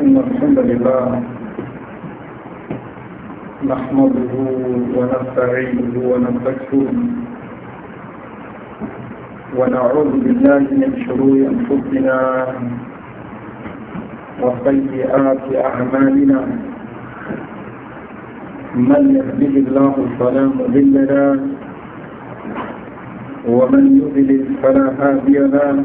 إن الحمد لله نحمده ونستعينه ونستكفره ونعوذ بالله من شرور أنفسنا وسيئات أعمالنا من يهده الله فلا مضل له ومن يضلل فلا هادي له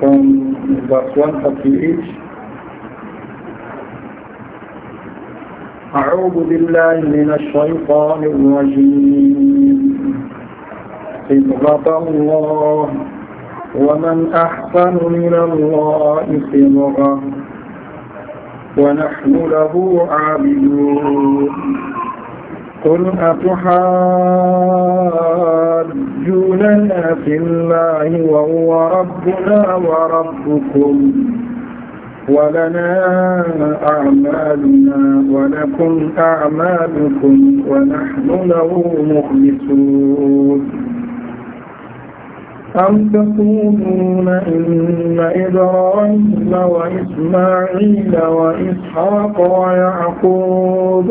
from verse 138 أعوذ بالله من الشيطان الرجيم صدق الله ومن أحسن من الله صبغة ونحن له عابدون قل أتحاجوننا في الله وهو ربنا وربكم ولنا أعمالنا ولكم أعمالكم ونحن له مخلصون أم تقولون إن إبراهيم وإسماعيل وإسحاق ويعقوب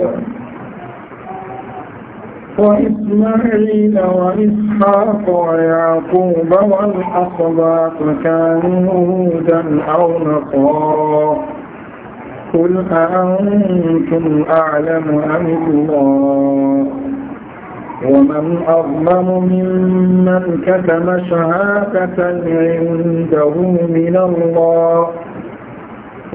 وإسماعيل وإسحاق ويعقوب والأصباط كانوا هودا أو نصارا قل أأنتم أعلم أم الله ومن أظلم ممن كتم شهادة عنده من الله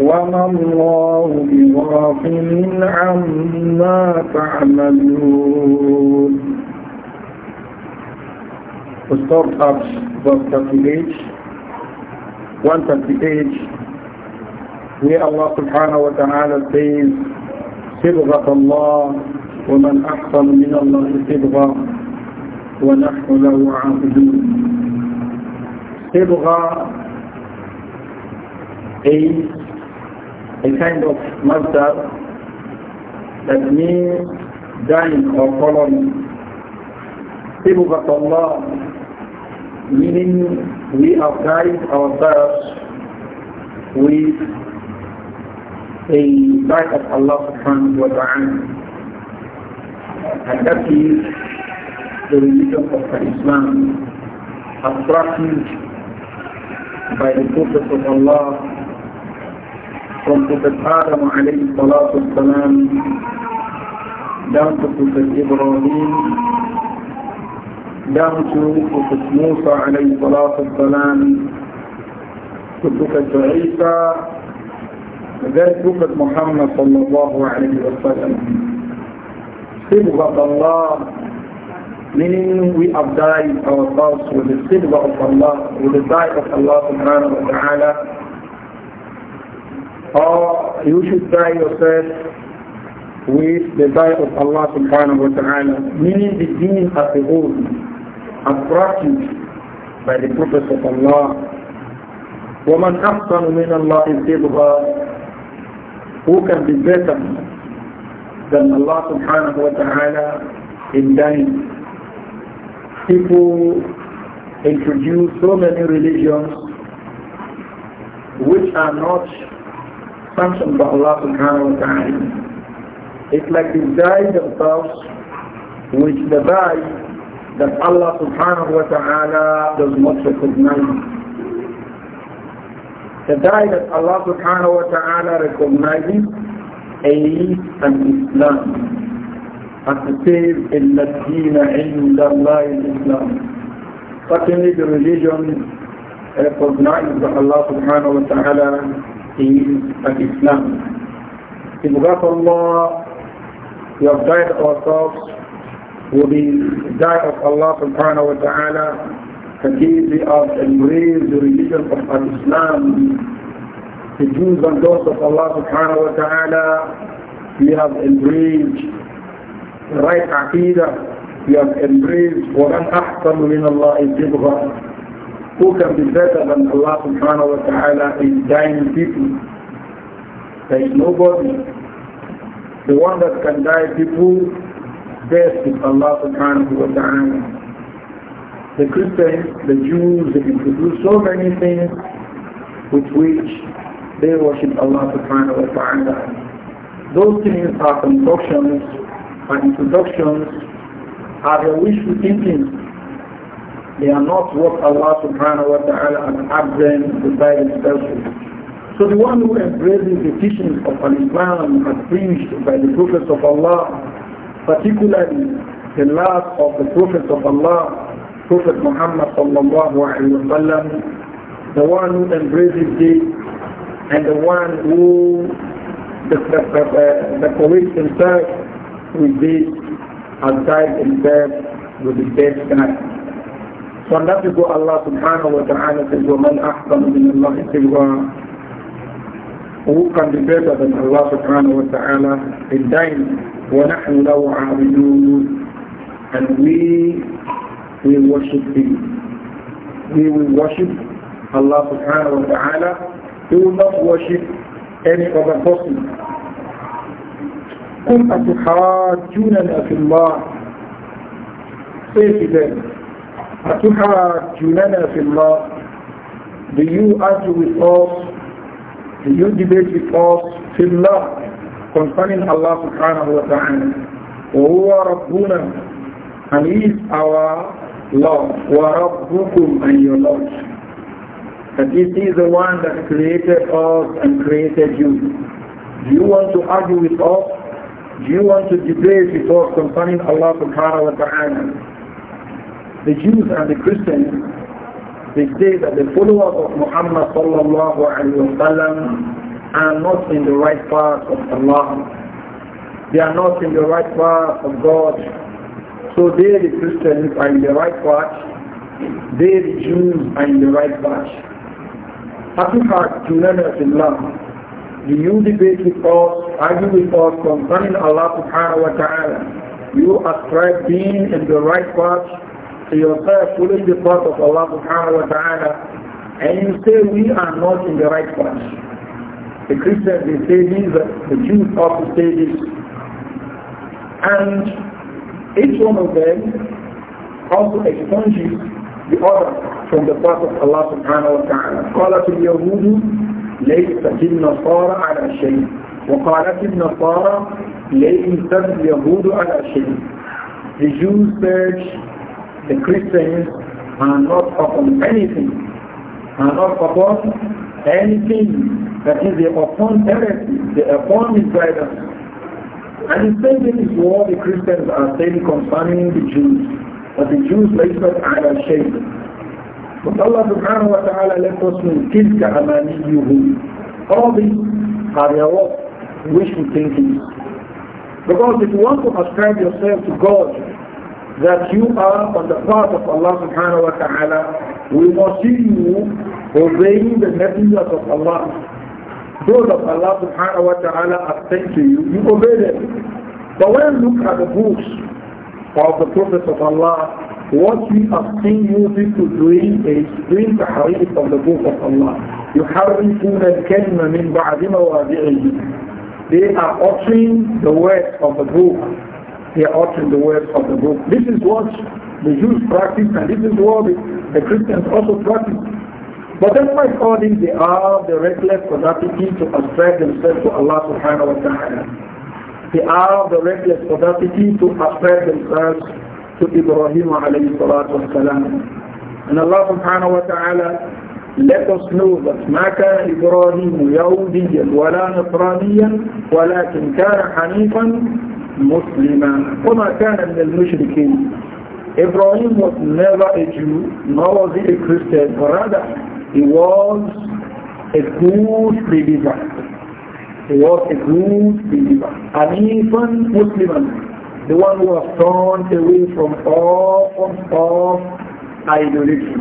وما الله بغافل عما تعملون We stop at verse 38, 138, where Allah subhanahu wa ta'ala says, صبغة الله ومن أحسن من الله صبغة ونحن له عابدون صبغة is a kind of master that means dying or following. Tibukat Allah, meaning we have guided ourselves with a light of Allah subhanahu wa ta'ala. And that is the religion of Islam, attracted by the Prophet of Allah وانتفت آدم عليه الصلاة والسلام دامت تفت إبراهيم دامت تفت موسى عليه الصلاة والسلام تفت عيسى ذلك تفت محمد صلى الله عليه وسلم صبغة الله meaning we have died ourselves with the silver of Allah, with the sight of Allah subhanahu wa ta'ala or you should buy yourself with the buy of Allah subhanahu wa ta'ala, meaning the deen of the whole, as practiced by the Prophet of Allah. وَمَنْ أَحْسَنُ مِنَ اللَّهِ Who can be better than Allah subhanahu wa ta'ala in dying? People introduce so many religions which are not sanctioned by Allah subhanahu wa ta'ala. It's like the guide of thoughts which the guide that Allah subhanahu wa ta'ala does not recognize. The guide that Allah subhanahu wa ta'ala recognizes is an Islam. As it says, إِلَّا الدِّينَ عِنْدَ اللَّهِ Certainly the religion recognized by Allah subhanahu wa ta'ala in Islam. If God Allah, we have died ourselves, will be died of Allah subhanahu wa ta'ala, continue we have embraced the religion of Islam, the Jews and those of Allah subhanahu wa ta'ala, we have embraced the right aqidah, we have embraced وَمَنْ أَحْسَنُ مِنَ اللَّهِ جِبْغَةً who can be better than Allah subhanahu wa ta'ala in dying people? There is nobody. The one that can die people best is Allah subhanahu wa ta'ala. The Christians, the Jews, they produce so many things with which they worship Allah subhanahu wa ta'ala. Those things are constructions and introductions are their wishful thinking they are not what Allah subhanahu wa ta'ala has asked them to beside himself. So the one who embraces the teachings of Al-Islam as preached by the prophets of Allah, particularly the last of the prophets of Allah, Prophet Muhammad sallallahu alayhi wa sallam, the one who embraces this and the one who decorates himself with this has died death with the best kind. فنجد الله سبحانه وتعالى في ومن أحسن من الله سوى وكان بيتا من الله سبحانه وتعالى الدين ونحن لو عابدون and we we worship him we will worship Allah subhanahu wa ta'ala we will not worship any other person كن أتحاجوننا في الله say to them أتحرك لنا في الله Do you argue with us? Do you debate with us? في الله concerning Allah سبحانه وتعالى وهو ربنا and he is our Lord وربكم and your Lord that this is the one that created us and created you do you want to argue with us do you want to debate with us concerning Allah subhanahu wa ta'ala the Jews and the Christians, they say that the followers of Muhammad sallallahu alayhi wa sallam are not in the right path of Allah. They are not in the right path of God. So they, the Christians, are in the right path. They, the Jews, are in the right path. Hakikat of Islam, do you debate with us, argue with us concerning Allah subhanahu wa ta'ala? You ascribe being in the right path to yourself following the part of Allah subhanahu wa ta'ala and you say we are not in the right path. The Christians they say this, the Jews also say this. And each one of them also expunges the other from the path of Allah subhanahu wa ta'ala. قالت اليهود ليست النصارى على شيء وقالت النصارى ليست اليهود على شيء. The Jews said the Christians are not upon anything, are not upon anything. That is, the upon heresy, the upon misguidance. And the same thing is what the Christians are saying concerning the Jews, that the Jews later are shape. But Allah subhanahu wa ta'ala left us with tilka amaniyuhu, All these are their what wishful thinking. Because if you want to ascribe yourself to God, that you are on the path of Allah subhanahu wa ta'ala, we must see you obeying the messengers of Allah. Those of Allah subhanahu wa ta'ala are sent to you, you obey them. But when you look at the books of the prophets of Allah, what we are seeing you people doing is doing the harif of the book of Allah. You يحرفون الكلمة من بعد مواضعه. They are uttering the words of the book they are uttering the words of the book. This is what the Jews practice and this is what the Christians also practice. But despite all this, they have the reckless audacity to ascribe themselves to Allah subhanahu wa ta'ala. They have the reckless audacity to ascribe themselves to Ibrahim alayhi salatu wasalam. And Allah subhanahu wa ta'ala let us know that ما كان إبراهيم يهوديا ولا نصرانيا ولكن كان حنيفا مسلما وما كان من المشركين Ibrahim was never a Jew, nor was he a Christian, but rather he was a good believer. He was a good believer. an even Muslim, the one who has turned away from all forms of idolatry.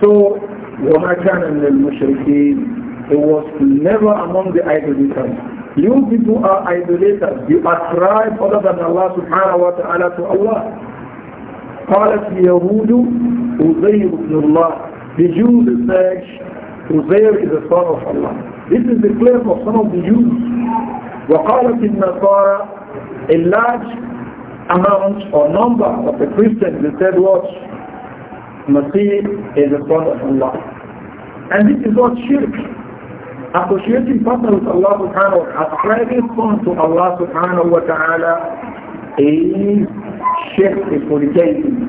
So, وَمَا كَانَ مِنَ الْمُشْرِكِينَ He was never among the idolaters. You people are idolaters. You ascribe other than Allah subhanahu wa ta'ala to Allah. قالت اليهود عزير بن الله The Jews said Uzair is the son of Allah. This is the claim of some of the Jews. وقالت النصارى A large amount or number of the Christians they said what? Masih is the son of Allah. And this is what shirk associating partner with Allah subhanahu wa ta'ala, ascribing son to Allah subhanahu wa ta'ala is shirk is fornicating.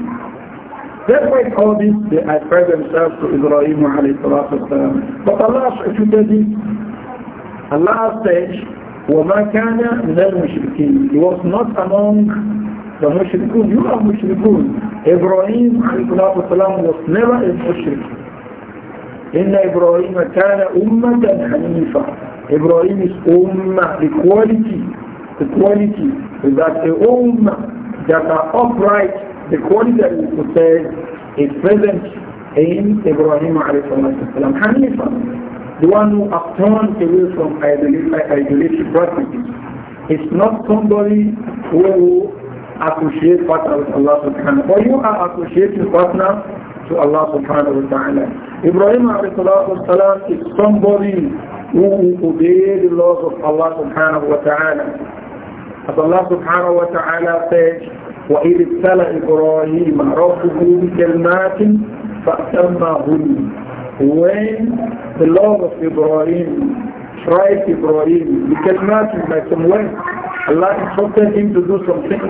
That's why all these they ascribe themselves to Ibrahim alayhi salatu But Allah subhanahu attributed it. Allah said, وَمَا كَانَ مِنَ الْمُشْرِكِينَ He was not among the mushrikun. You are mushrikun. Ibrahim alayhi salatu was never a mushrik. إن إبراهيم كان أمة حنيفة إبراهيم is ummah, equality, equality. So that the ummah that are upright, the quality that we possess is present in Ibrahim alayhi salam. Hanifa, the one who has away from idolatry practices, is not somebody who associates partner with Allah subhanahu wa ta'ala. Or you are associating partner to Allah subhanahu wa ta'ala. Ibrahim salam is somebody who obeyed the laws of Allah subhanahu wa ta'ala. As Allah subhanahu wa ta'ala says, وَإِذِ ابْتَلَى إِبْرَاهِيمَ رَبُّهُ بِكَلْمَاتٍ فَأْتَمَّهُنْ When the Lord of Ibrahim tried Ibrahim, بِكَلْمَاتٍ by some way, Allah instructed him to do something.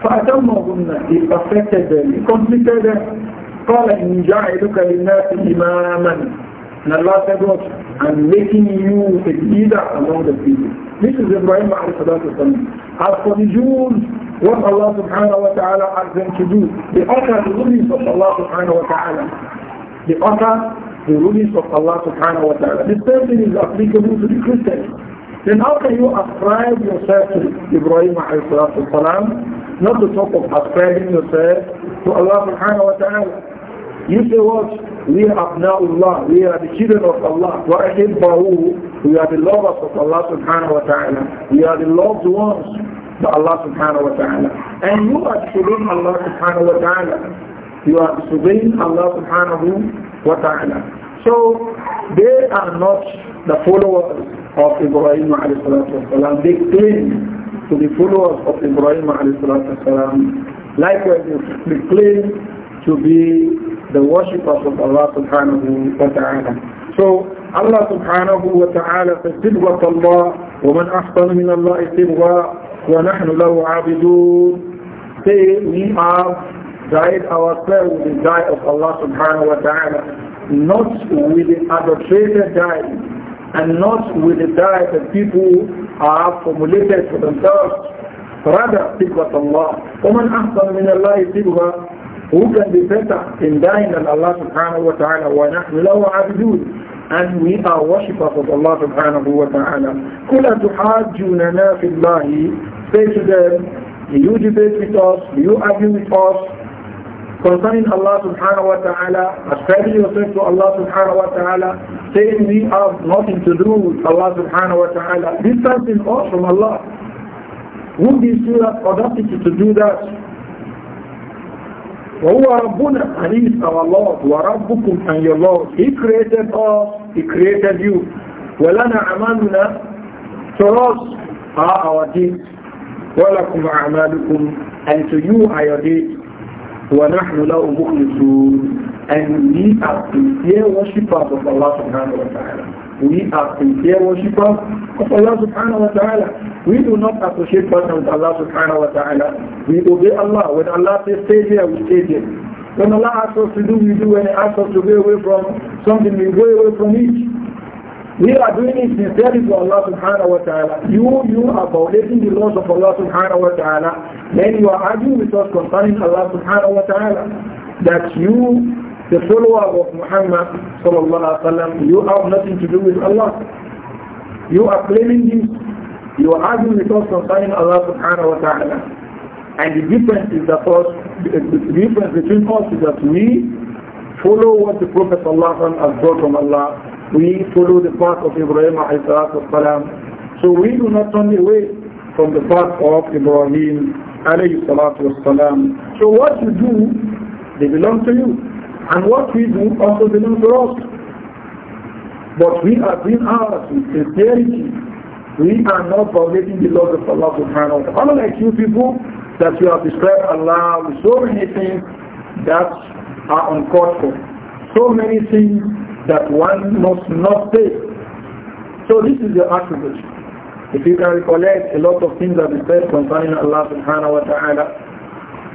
فَأْتَمَّهُنَّ He perfected them, he completed them. قال إن جعلك للناس إماما أن الله said what? I'm making you a leader among the people. This is Ibrahim والسلام. As for the Jews, what Allah subhanahu wa ta'ala asked them to do, they utter the rulings of Allah subhanahu wa ta'ala. They utter the rulings of Allah subhanahu wa ta'ala. This same thing is applicable to the Christians. Then how can you ascribe yourself to Ibrahim والسلام, not the top of ascribing yourself to Allah subhanahu wa ta'ala? You say what? We are Allah. We are the children of Allah. We are the lovers of Allah subhanahu wa ta'ala. We are the loved ones of Allah subhanahu wa ta'ala. And you are children of Allah subhanahu wa ta'ala. You are of Allah subhanahu wa ta'ala. So they are not the followers of Ibrahim alayhi salatu wasalam. They claim to be followers of Ibrahim alayhi salatu wasalam. Likewise, they claim to be the worshippers of Allah subhanahu wa ta'ala. So Allah subhanahu wa ta'ala says, تِلْوَةَ اللَّهِ وَمَنْ أَحْسَنُ مِنَ اللَّهِ تِلْوَى وَنَحْنُ لَهُ عَابِدُونَ Say, we have died ourselves with the die of Allah subhanahu wa ta'ala, not with the adulterated die, and not with the die that people have formulated for themselves. Rather, Allah, اللَّهِ وَمَنْ أَحْسَنُ مِنَ اللَّهِ تِلْوَى who can be better in dying than Allah subhanahu wa ta'ala wa nahnu lahu abdun and we are worshippers of Allah subhanahu wa ta'ala. Kula tuhajjunana fillahi say to them, do you debate with us, do you argue with us concerning Allah subhanahu wa ta'ala, ascribing yourself to Allah subhanahu wa ta'ala, saying we have nothing to do with Allah subhanahu wa ta'ala, distancing us from Allah. Would this do that audacity to do that? وهو ربنا عزيز our Lord وربكم and your Lord He created us He created you ولنا أعمالنا for us are our deeds ولكم أعمالكم and to you are your deeds ونحن له مخلصون and we are sincere worshippers of Allah subhanahu wa ta'ala We are sincere worshippers of Allah subhanahu wa ta'ala. We do not associate partners with Allah subhanahu wa ta'ala. We obey Allah. When Allah says stay here, we stay here. When Allah asks us to do, we do. When He asks us to go away from something, we go away from it. We are doing it sincerely to Allah subhanahu wa ta'ala. You, you are violating the laws of Allah subhanahu wa ta'ala. Then you are arguing with us concerning Allah subhanahu wa ta'ala. That you the follower of Muhammad sallallahu alaihi wasallam, you have nothing to do with Allah. You are claiming this. You are arguing with us concerning Allah subhanahu wa ta'ala. And the difference is that us, the difference between us is that we follow what the Prophet sallallahu has brought from Allah. We follow the path of Ibrahim alayhi salam. So we do not turn away from the path of Ibrahim alayhi salatu wasalam. So what you do, they belong to you. And what we do also belongs to us. But we are doing ours with sincerity. We are not violating the laws of Allah subhanahu wa ta'ala. Unlike you people that you have described Allah with so many things that are uncalled So many things that one must not say. So this is the attribute. If you can recollect a lot of things that we said concerning Allah subhanahu wa ta'ala,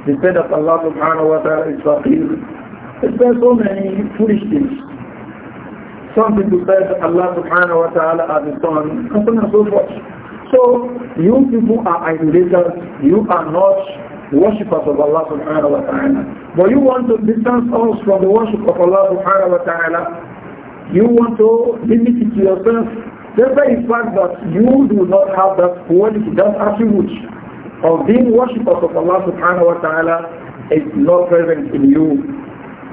we said that Allah subhanahu wa ta'ala is faqir, has so many foolish things. Some people said Allah subhanahu wa ta'ala has a son, and so on and so forth. So you people are idolaters, you are not worshippers of Allah subhanahu wa ta'ala. But you want to distance us from the worship of Allah subhanahu wa ta'ala. You want to limit it to yourself. Just very fact that you do not have that quality, that attribute of being worshippers of Allah subhanahu wa ta'ala is not present in you.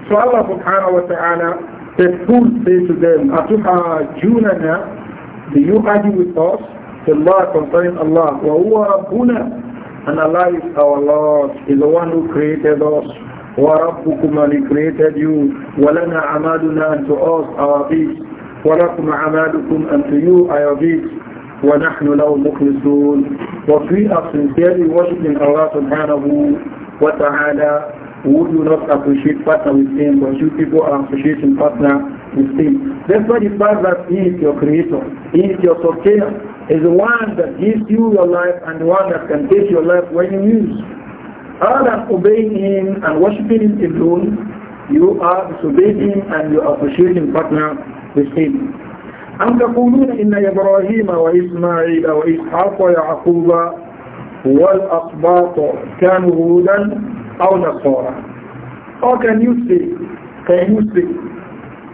So Allah subhanahu wa ta'ala said, Fool say to them, Atuhajunana, do you argue with us? Allah concerning Allah, wa huwa Rabbuna, and Allah is our Lord, is the one who created us. وربكم and he created you ولنا عمالنا and to us our deeds ولكم عمالكم and to you our deeds ونحن له مخلصون وفي we are sincerely worshiping Allah subhanahu who do not appreciate partner with him, but you people are appreciating partner with him. That's why the fact that he is your creator, he is your sustainer, is the one that gives you your life and the one that can take your life when you use. Other than obeying him and worshipping him alone, you are disobeying him and you are appreciating partner with him. أم تقولون إن إبراهيم وإسماعيل وإسحاق ويعقوب والأقباط كانوا هودا how can you say, can you say,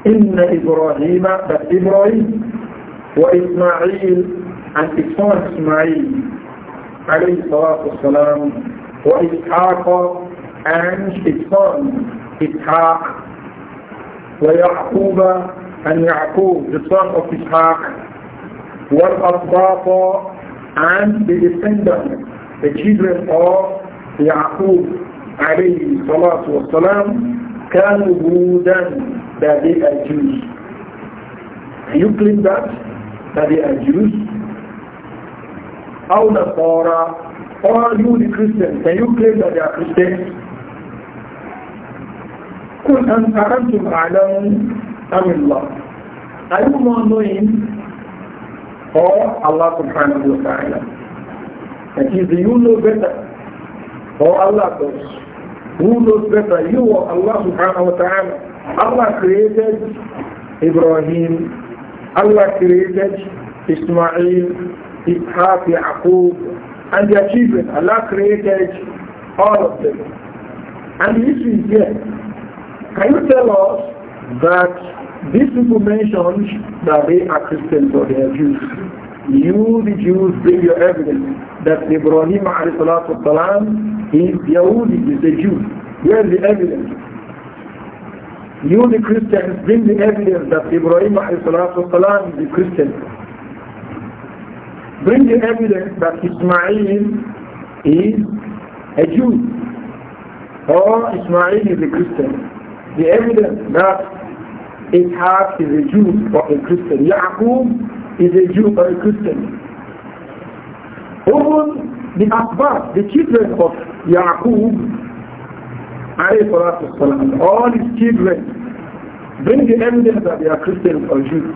إن إبراهيم but إبراهيم وإسماعيل and his son Ismail عليه الصلاة والسلام وإسحاق and his son إسحاق ويعقوب and Yaqub the son of Ishaq والأصباط and the descendants the children of Yaqub عليه الصلاة والسلام كانوا هودا that they are Jews. And you claim that? That they are Jews? أو نصارى or you the Christians, can you claim that they are Christians? قل أن أنتم أعلم أم الله Are you more knowing or Allah subhanahu wa ta'ala? That is, you know better or Allah does. Who knows better, you or Allah subhanahu wa ta'ala? Allah created Ibrahim, Allah created Ismail, Ishaq, Yaqub, and their children. Allah created all of them. And this is here. Can you tell us that these people mentioned that they are Christians or they are Jews? you the Jews bring your evidence that Ibrahim والسلام, is Yahudi, is a Jew. Where is the evidence? You the Christians bring the evidence that Ibrahim salam is a Christian. Bring the evidence that Ismail is a Jew or Ismail is a Christian. The evidence that Ishaq is a Jew or a Christian. Yaqub is a Jew or a Christian. All the Akbar, the children of Yaqub, والسلام, all his children, bring the evidence that they are Christians or Jews.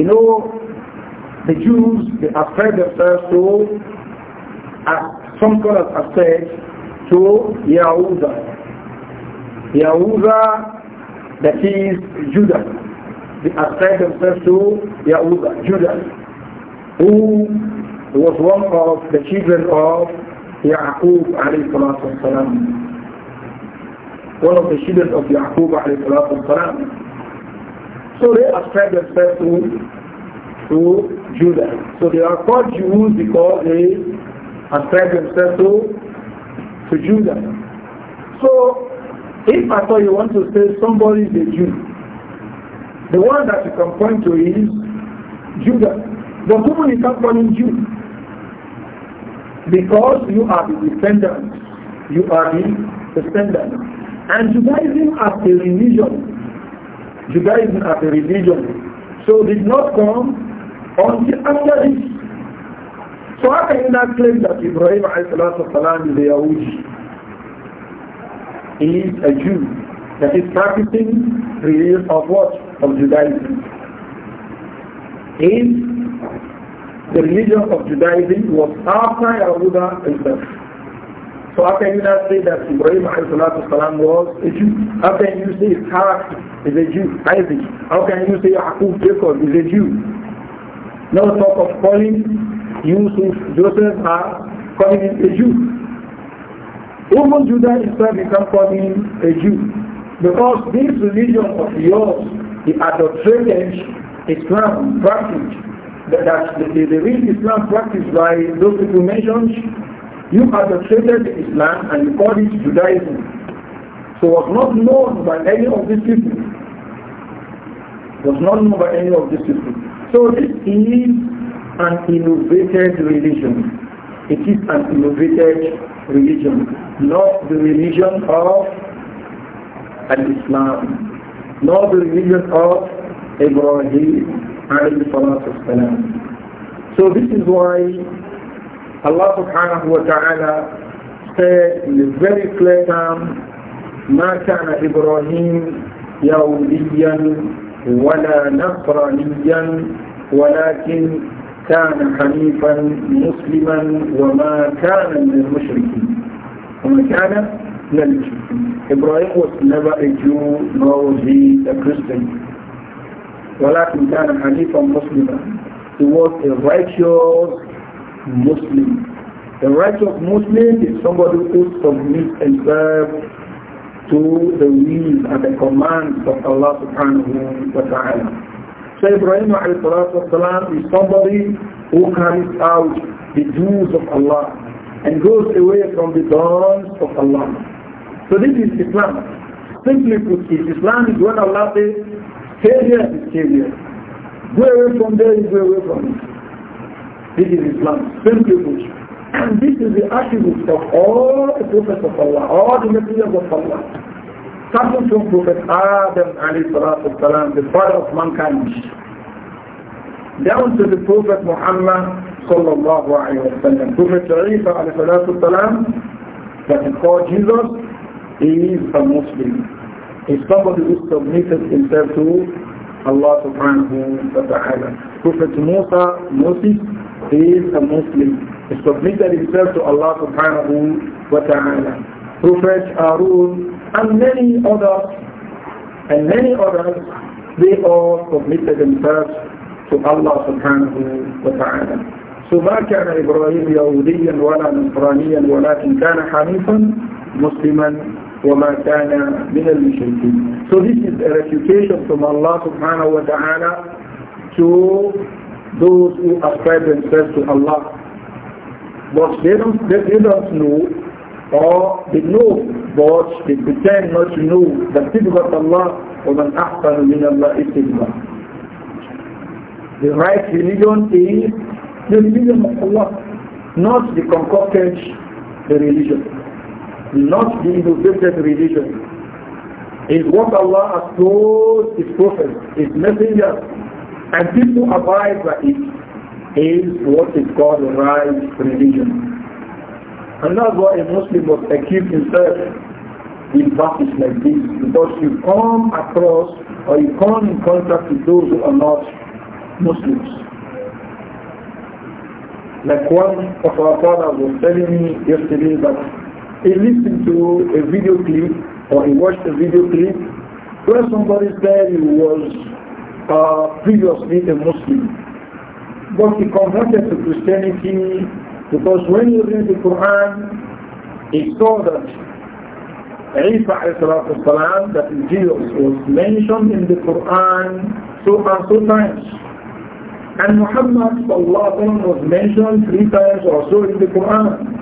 You know, the Jews, they ascribe themselves to, as some scholars have said, to Yahuda. Yahuda, that is Judah they ascribed themselves to Yahuda, Judah, who was one of the children of Yaqub alayhi salatu One of the children of Yaqub alayhi So they ascribed themselves to, to Judah. So they are called Jews because they ascribed themselves to, to Judah. So if I thought you want to say somebody is a Jew, the one that you can point to is Judah. But whom you can't Jew. Because you are the descendant. You are the descendant. And Judaism as a religion, Judaism as a religion, so did not come until after this. So how can you not claim that Ibrahim والسلام, is a Yahudi? He is a Jew that is practicing religion of what? of Judaism is the religion of Judaism was after Yahuda himself. So how can you not say that Ibrahim salam was a Jew? How can you say Isaac is a Jew? Isaac. How can you say Yaqub Jacob is a Jew? No talk of calling Yusuf, Joseph are calling him a Jew. Even Judah himself you can call him a Jew. Because this religion of yours the adulterated Islam practice that, that the, the, the real Islam practiced by those people mentioned, you adulterated Islam and you call it Judaism. So was not known by any of these people. Was not known by any of these people. So this is an innovated religion. It is an innovated religion, not the religion of an Islam nor the religion of Ibrahim alayhi salatu wasalam. So this is why Allah subhanahu wa ta'ala said in the very clear term, ما كان إبراهيم يهوديا ولا نصرانيا ولكن كان حنيفا مسلما وما كان من المشركين وما كان plenty. Ibrahim was never a Jew, nor was he a Christian. ولكن كان from مسلما. He was a righteous Muslim. A righteous Muslim is somebody who submits himself to the will and the commands of Allah subhanahu wa ta'ala. So Ibrahim والسلام, is somebody who carries out the dues of Allah and goes away from the dawns of Allah. So this is Islam. Simply put, Islam is when Allah says, failure is failure. Go away from there is go away from it. This is Islam, simply put. And this is the attribute of all the prophets of Allah, all the messengers of Allah. Starting from Prophet Adam alayhi salam, the father of mankind, down to the Prophet Muhammad sallallahu alayhi wa sallam, Prophet Isa alayhi salatu salam, that is called Jesus, is a Muslim. Is somebody who submitted himself to Allah subhanahu wa ta'ala. Prophet Musa, Moses, is a Muslim. He submitted himself to Allah subhanahu wa ta'ala. Prophet Arun and many others, and many others, they all submitted themselves to Allah subhanahu wa ta'ala. فما كان إبراهيم يهوديا ولا نصرانيا ولكن كان حنيفا مسلما وَمَا كَانَ مِنَ الْمُشْرِكِينَ So this is a refutation from Allah subhanahu wa ta'ala to those who ascribe themselves to Allah. But they don't, they, they don't know or they know but they pretend not to know the صدقة Allah ومن أحسن من الله صدقة. The right religion is the religion of Allah, not the concocted religion not the innovated religion. Is what Allah has told His Prophet, His Messenger, and people abide by it, is what is called right religion. And that's why a Muslim must keep himself with verses like this, because you come across or you come in contact with those who are not Muslims. Like one of our fathers was telling me yesterday that he listened to a video clip or he watched a video clip where somebody said he was uh, previously a Muslim. But he converted to Christianity because when he read the Quran, he saw that Isa that Jesus was mentioned in the Quran so and so times. And Muhammad was mentioned three times or so in the Quran.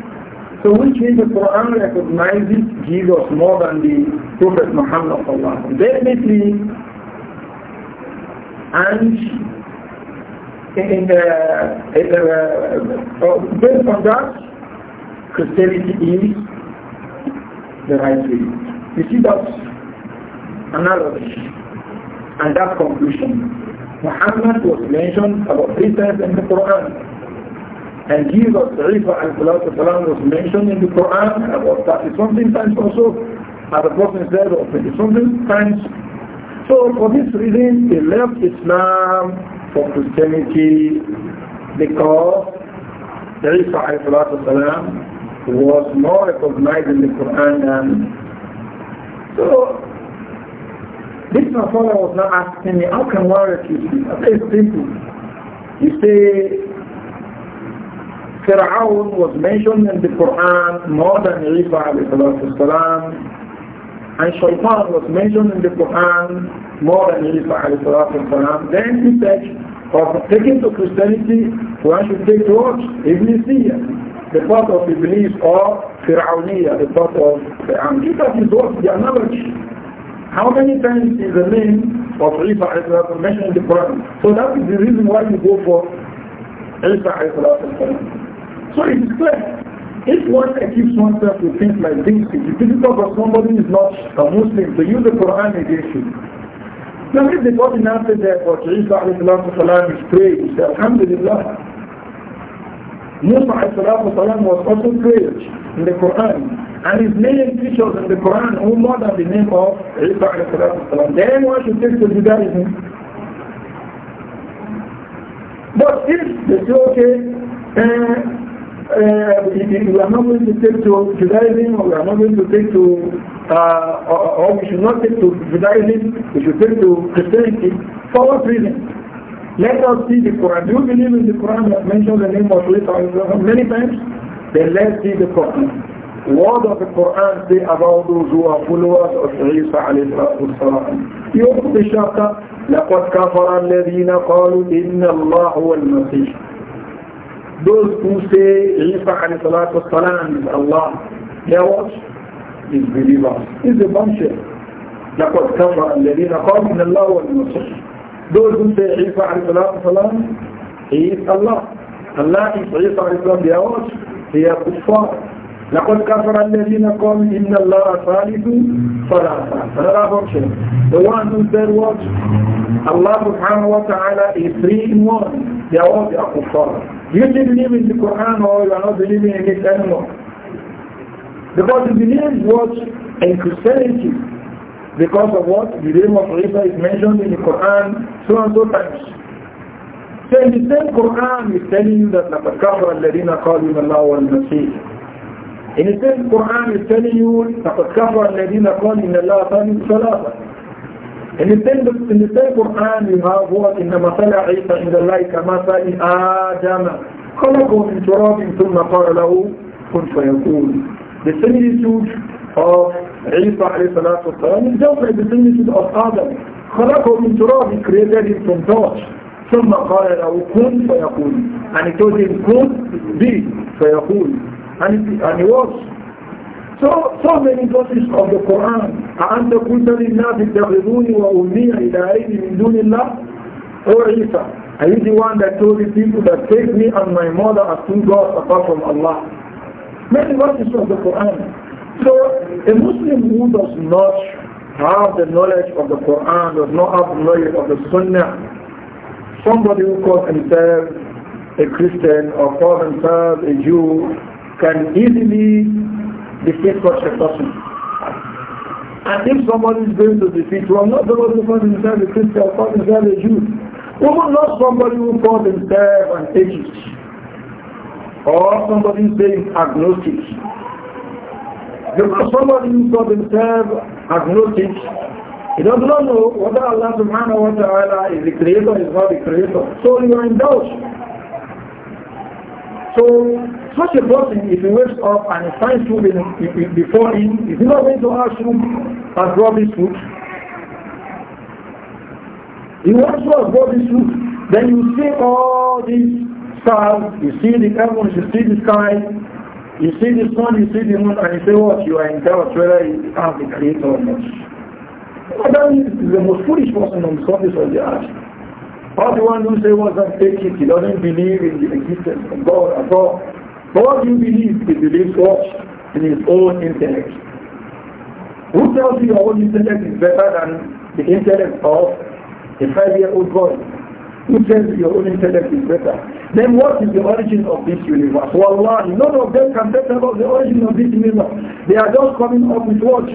So which means the Quran recognizes Jesus more than the Prophet Muhammad Definitely, and in, the, in the, uh, uh, uh, uh, based on that, Christianity is the right way. You see that analogy and that conclusion. Muhammad was mentioned about three times in the Quran. And Jesus, Isa and Salam was mentioned in the Quran about 30 something times also, and the Prophet said, or 20 something times. So for this reason, he left Islam for Christianity because Isa al Salam was more recognized in the Quran than. So this father was not asking me, how can one refuse this? I say it's simple. You say, Fir'aun was mentioned in the Quran more than Isa والسلام, and Shaitan was mentioned in the Quran more than Isa والسلام. Then he said, of taking to Christianity, one should take to what? Iblisiyah, the part of Iblis, or Fir'auniyah, the part of the Fir'aun. That is what the analogy. How many times is the name of Isa mentioned in the Quran? So that is the reason why you go for Isa al salatu so it is clear. If one keeps oneself to things like this, it is difficult for somebody who is not a Muslim to use the Quran against you. Now if the body now says that what Isa is praying, he said, Alhamdulillah. Musa was also praised in the Quran and his name features in the Quran oh more than the name of Isa Then one should take to Judaism. But if they say, okay, uh, uh, we are not going to take to Judaism or we are not going to take to, uh, or, or we should not take to Judaism, we should take to Christianity. For what reason? Let us see the Quran. Do you believe in the Quran? that mentioned the name of Allah many times. Then let's see the Quran. What does the Quran say about those who are followers of Isa alayhi salam? You open the chapter, لَقَدْ كَفَرَ الَّذِينَ قَالُوا إِنَّ اللَّهُ وَالْمَسِيحِ Those who say Isa alayhi salatu wasalam is Allah, they are what? Disbelievers. It's a bombshell. لقد كفر الذين قالوا من الله والمسيح. Those who say Isa alayhi salatu wasalam, he is Allah. Allah is Isa alayhi salam, they are what? They are kuffar. لقد كفر الذين قالوا إن الله ثالث ثلاثة ثلاثة option the one who said what Allah subhanahu wa ta'ala is three in one they are all the kuffar you did not believe in the Quran or you are not believing in it anymore because you believe what in Christianity because of what the name of Isa is mentioned in the Quran so and so times so in the same Quran is telling you that لقد كفر الذين قالوا إن الله والمسيح إن كان القرآن يقول فقد كفر الذين قالوا إن الله ثاني ثلاثة إن كان القرآن هو إن مثل عيسى عند الله كمثل آدم خلقه من تراب ثم قال له كن فيكون The similitude of عيسى عليه الصلاة والسلام is just like the similitude of Adam خلقه من تراب he created him from dust ثم قال له كن فيكون and he told him كن بي فيكون and it, and it was. So, so many verses of the Quran. أَأَنْتَ قُلْتَ لِلنَّاسِ اتَّخِذُونِ وَأُمِّيَ إِلَىٰ أَيْدِ مِن دُونِ اللَّهِ O Isa, are you the one that told the people that take me and my mother as two gods apart from Allah? Many verses of the Quran. So, a Muslim who does not have the knowledge of the Quran, does not have the knowledge of the Sunnah, somebody who calls himself a Christian or calls himself a Jew can easily defeat such a person. And if somebody is going to defeat, well, not the one who calls himself a Christian, or calls himself a Jew. Even not somebody who calls himself an atheist, or somebody who is agnostic. Because somebody who calls himself agnostic, he does not know whether Allah subhanahu wa ta'ala is the creator or is not the creator. So you are indulged. So such a person, if he wakes up and he finds food in, in, before him, is he not going to ask who has brought this food? He wants to brought this food. Then you see all these stars, you see the heavens, you see the sky, you see the sun, you see the moon, and you say what? You are in doubt whether you have the creator or not. But that is the most foolish person on the surface of the earth. How the one who say was an atheist, he doesn't believe in the existence of God at all. But what do you believe? He believes what? In his own intellect. Who tells you your own intellect is better than the intellect of a five-year-old boy? Who tells you your own intellect is better? Then what is the origin of this universe? Wallahi, none of them can tell about the origin of this universe. They are just coming up with what?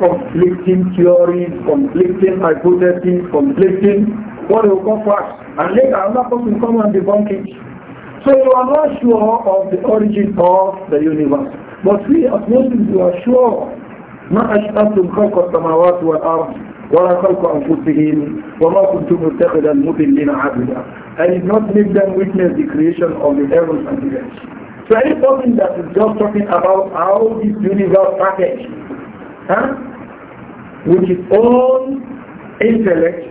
Conflicting theories, conflicting hypotheses, conflicting what they will come first. And later another person will come and debunk it. So you are not sure of the origin of the universe. But we as Muslims we are sure. ما أشأتم خلق السماوات والأرض ولا خلق أنفسهم وما كنت متخذا المضلين And did not make them witness the creation of the heavens and the earth. So any person that is just talking about how this universe package, huh, is all own intellect,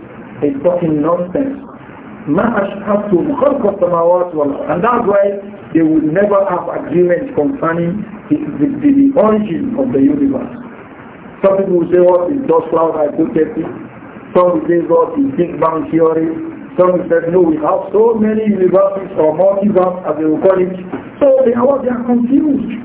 is talking nonsense. ما to خلق السماوات والأرض and that's why they would never have agreement concerning the, the, the, the origin of the universe. Some people will say what is dust cloud hypothesis, some will say what is Big Bang theory, some will say no we have so many universes or multiverse as they will call it. So they are, they are confused.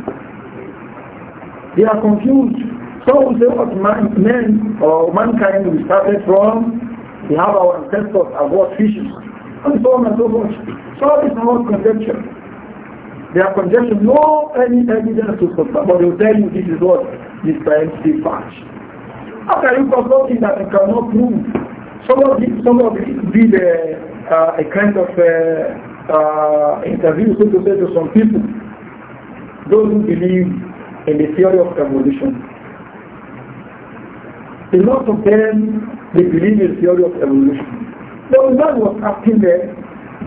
They are confused. Some will say what man, men or mankind we started from we have our ancestors aboard fishes, and so on and so forth. So it's not conjecture. They are conjecture, no any evidence to support, but they will tell you this is what this scientific fact. How can you prove something that you cannot prove? Somebody, somebody did a, uh, uh, a kind of a, uh, uh, interview, so to say, to some people, those who believe in the theory of evolution. A lot of them, they believe in the theory of evolution. So God was asking them,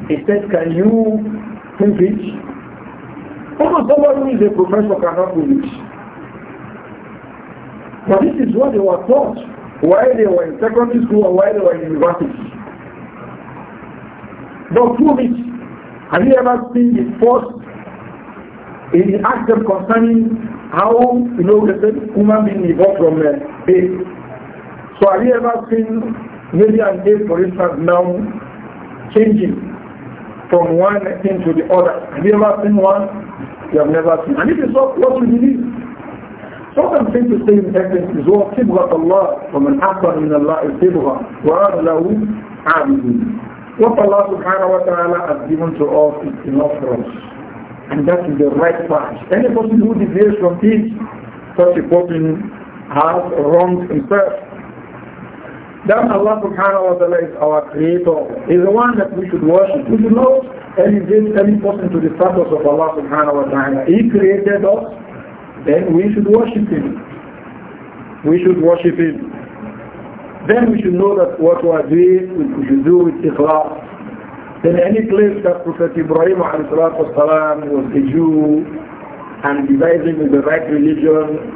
he said, can you prove it? Almost somebody who is a professor cannot prove it. But this is what they were taught while they were in secondary school or while they were in university. But prove it. Have you ever seen the first in the act of concerning how you know the human being evolved from a uh, So have you ever seen maybe an egg, for instance, now changing from one thing to the other? Have you ever seen one? You have never seen. And it is not what you believe. So what I'm saying to say in heaven? is what Tibrat Allah وَمَنْ in مِنَ اللَّهِ تِبْغَى وَأَنْ لَهُ عَابِدٌ What Allah subhanahu wa ta'ala has given to us is enough for us. And that is the right path. Any person who deviates from it, such a person has wronged himself. That Allah subhanahu wa ta'ala is our creator, is the one that we should worship. We should not elevate any person to the status of Allah subhanahu wa ta'ala. He created us, then we should worship Him. We should worship Him. Then we should know that what we are doing, we should do with ikhlas. Then any place that Prophet Ibrahim والسلام, was a Jew and devising the right religion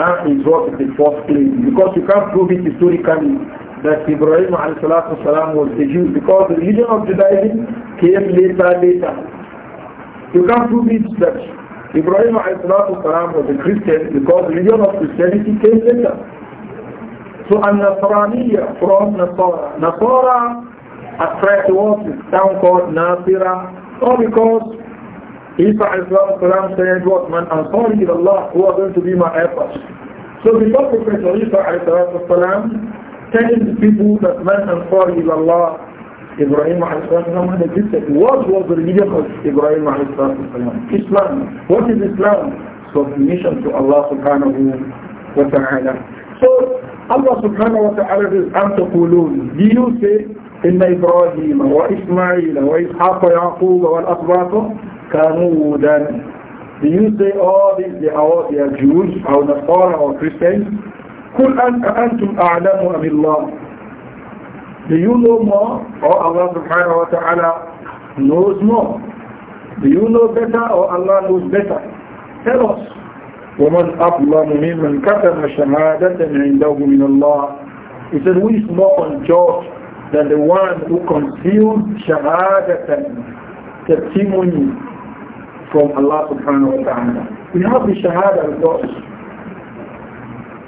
uh, is what is the first place because you can't prove it historically that Ibrahim والسلام, was a Jew because the religion of Judaism came later, later. You can't prove it that Ibrahim والسلام, was a Christian because the religion of Christianity came later. So an Nasraniya from Nasara. Nasara attracted towards this town called Nasira, all because Isa والسلام, said what man Ansari Allah who are going to be my helpers. So because Prophet Isa والسلام, telling the people that man ansar is Allah, Ibrahim and existed. What was the religion of Ibrahim Islam. What is Islam? Submission to Allah subhanahu wa ta'ala. So Allah subhanahu wa ta'ala is أَمْ Do you say, إِنَّ إِبْرَاهِيمَ وَإِسْمَعِيلَ وَإِسْحَاقَ يَعْقُوبَ وَالْأَصْبَاطُ كَانُوا هُودًا Do you say all oh, these, they are, they are Jews, Our, Nasara, or Christians? قل أنتم أعلم أم الله Do you know more or Allah subhanahu wa ta'ala knows more? Do you know better or Allah knows better? Tell us. ومن أظلم ممن كتم شهادة عنده من الله He said, who is more unjust than the one who concealed shahadatan, testimony from Allah subhanahu wa ta'ala. We have the shahada with us.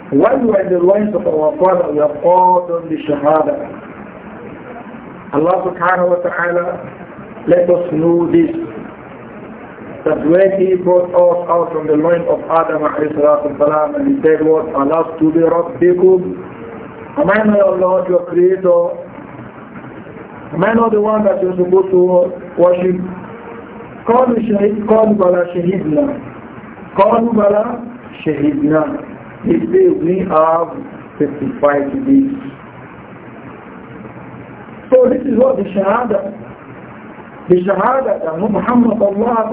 While we are in the loins of our father, we have all done the shahada. Allah subhanahu wa ta'ala let us know this. That when he brought us out from the loins of Adam والسلام, and he said what Allah to be Rabbikum. Am I not Allah your creator? Am I not the one that you're supposed to worship? Call قالوا شهيد call بلى شهدنا call بلى شهدنا he says we have 55 days. So this is what the Shahada, the Shahada that Muhammad Allah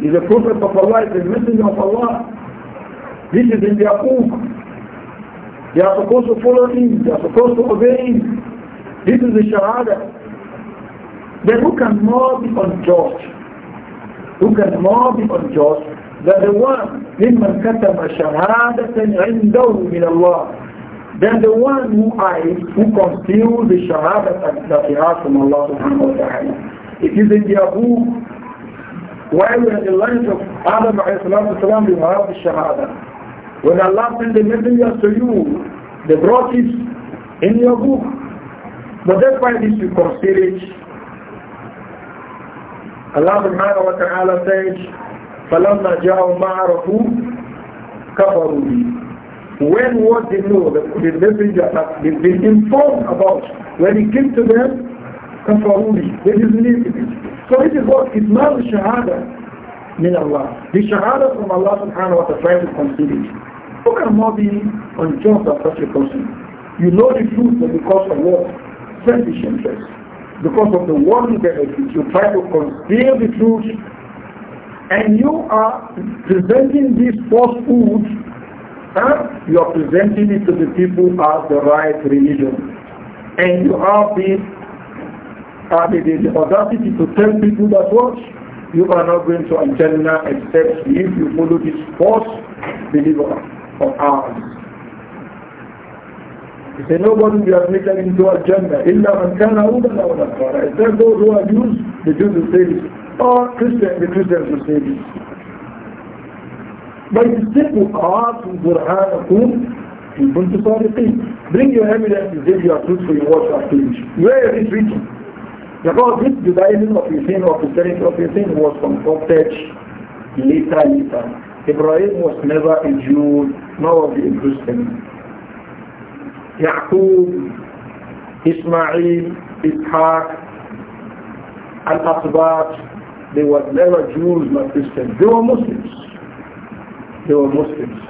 is a prophet of Allah, is a messenger of Allah. This is in the book. They are supposed to follow him, they are supposed to obey him. This is the Shahada. Then who can more be unjust? Who can more be unjust ده هو ممن كتب شهادة عنده من الله ده هو المؤيد وكنسيو بشهادة الإخلاص من الله سبحانه وتعالى إذا إذا هو وعلم أن الله يشوف آدم عليه الصلاة والسلام بمهارات الشهادة وأن الله سند مثل يسيوه the brought it But that's why this you consider Allah subhanahu wa ta'ala says, فَلَمَّا جَاءُوا مَعَرَفُوا كَفَرُوا When what they know, the, the messenger that they've been informed about, when he came to them, كَفَرُوا بِهِ They disbelieved it. So this is what Ismail Shahada min Allah. The Shahada from Allah subhanahu wa ta'ala is it? How can more be unjust of such a person? You know the truth but because of what? Selfish interest. Because of the worldly benefits, you try to conceal the truth and you are presenting this falsehood, huh? you are presenting it to the people as the right religion. And you have the, uh, the, the, audacity to tell people that what? You are not going to Antenna except if you follow this false believer of ours. He said, nobody will be admitted into a gender, illa man kana udan aw nasara. Except those who are Jews, the Jews will say or Christian, the Christians will say this. But it's simple. Aatu burhanakum in to sadiqin. Bring your evidence if you your truthful in what you are preaching. Where is it written? Because this dividing of of the Christianity of sin was concocted later, later. Ibrahim was never a Jew, nor was he a Christian. Yaqub, Ismail, Ishaq, Al-Asbat, they were never Jews nor Christians. They were Muslims. They were Muslims.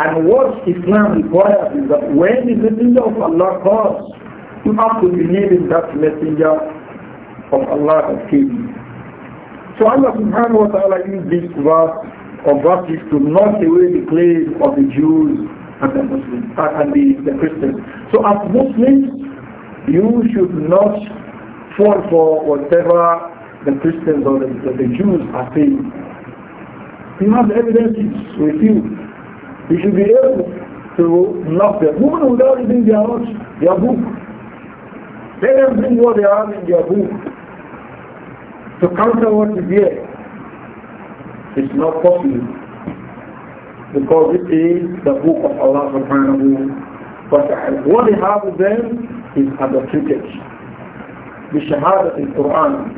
And what Islam requires is that when the messenger of Allah comes, you have to believe in that messenger of Allah has came. So Allah subhanahu wa ta'ala used this verse of verses to knock away the claim of the Jews and the Muslims uh, and the, the Christians. So as Muslims, you should not fall for whatever the Christians or the, the, the Jews are saying. You have evidences with you. You should be able to knock them. Women without reading their not their book. Let them bring what they have in their book to counter what is here. It's not possible because it is the book of Allah subhanahu wa ta'ala. What they have with them is adulterated. The Shahada in Quran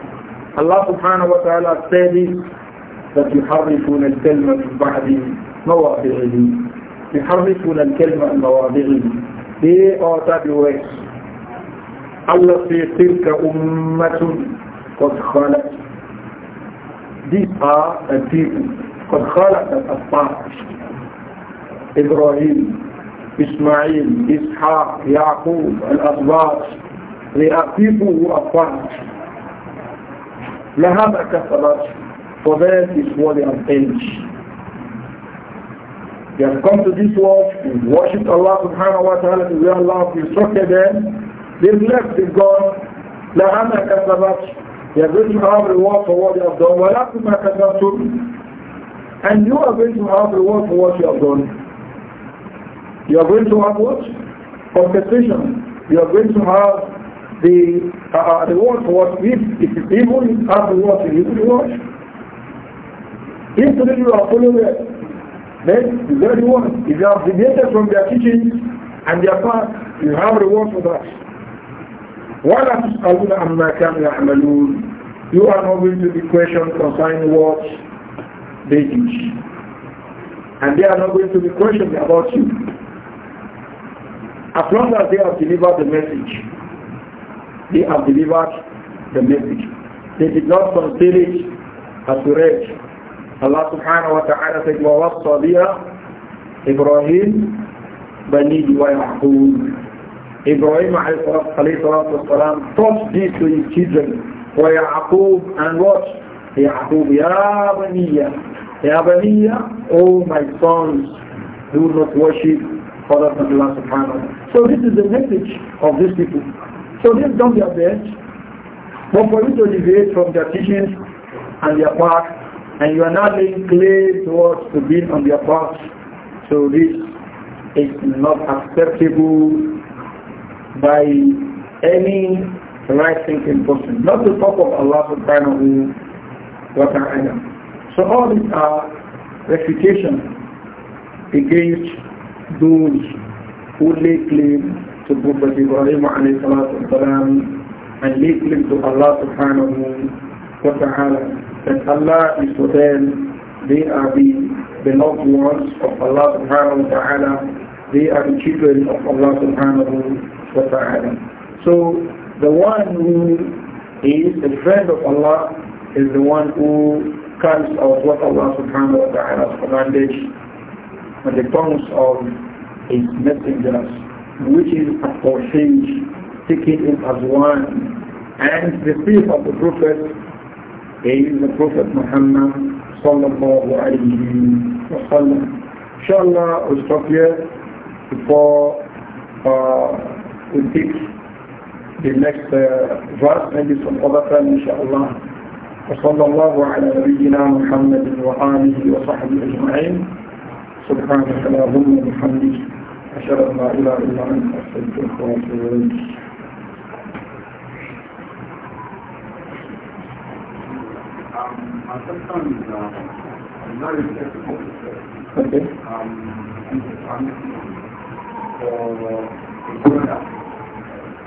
Allah subhanahu wa ta'ala فتحرفون that الكلمة من بعد مواضعه تحرفون الكلمة من مواضعه They utter the الله في تلك أمة قد خلت These are the people قد خلت الأطفال إبراهيم إسماعيل إسحاق يعقوب الأصباط They are people who are part لها كسبت for this is what they have earned. They have come to this world and worshipped Allah subhanahu wa ta'ala to where Allah has instructed them. They've left, they've gone. لَعَمَا كَسَبَتْ They are going to have reward for what they have done. وَلَكُمَا كَسَبْتُمْ And you are going to have reward for what you have done. You are going to have what? Compensation. You are going to have the uh, the word what if it is evil have the word you will watch. If today you are following them, then are the one. If they have deviated from their teachings and their path, you have reward for that. وَلَا تُسْأَلُونَ عَمَّا كَانُوا يَعْمَلُونَ You are not going to be questioned concerning what they teach. And they are not going to be questioned about you. As long as they have delivered the message, they have delivered the message. They did not conceal it as we read. Allah subhanahu wa ta'ala said, وَوَصَّى بِهَا إِبْرَاهِيم بَنِيهِ وَيَعْقُوبِ Ibrahim والسلام, taught this to his children. وَيَعْقُوب and what? يَعْقُوب يَا بَنِيَّ يَا بَنِيَّ Oh my sons, do not worship other than Allah subhanahu wa ta'ala. So this is the message of these people. So they've done their best, but for you to deviate from their teachings and their path, and you are not being clear towards to being on their path, so this is not acceptable by any right thinking person. Not to talk of Allah subhanahu wa ta'ala. So all these are refutation against those who lay claim to Prophet Ibrahim والسلام, and lead to Allah subhanahu wa ta'ala. That Allah is for them, they are the beloved ones of Allah subhanahu wa they are the children of Allah subhanahu wa So the one who is a friend of Allah is the one who carries out what Allah subhanahu wa ta'ala has commanded and the tongues of his messengers witches or sage, taking him as one. And the faith of the Prophet is the Prophet Muhammad sallallahu alayhi wa sallam. Inshallah, we'll stop here before uh, we take the next uh, verse, maybe some other time inshallah. وصلى الله على نبينا محمد وآله وصحبه أجمعين سبحانك اللهم وبحمدك أشهد أن لا إله إلا أنت أستغفرك وأتوب إليك sometimes um, I'm not exactly okay. um, I'm for a product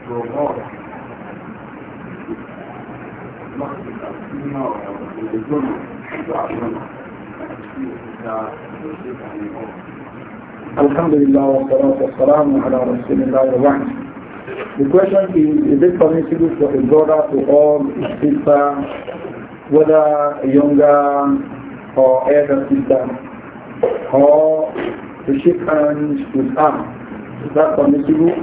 to avoid not to know the zone to our zone that Alhamdulillah wa salatu The question is, is it permissible for a brother to hug his sister, whether younger or elder sister, or to shake hands with her? Is that permissible?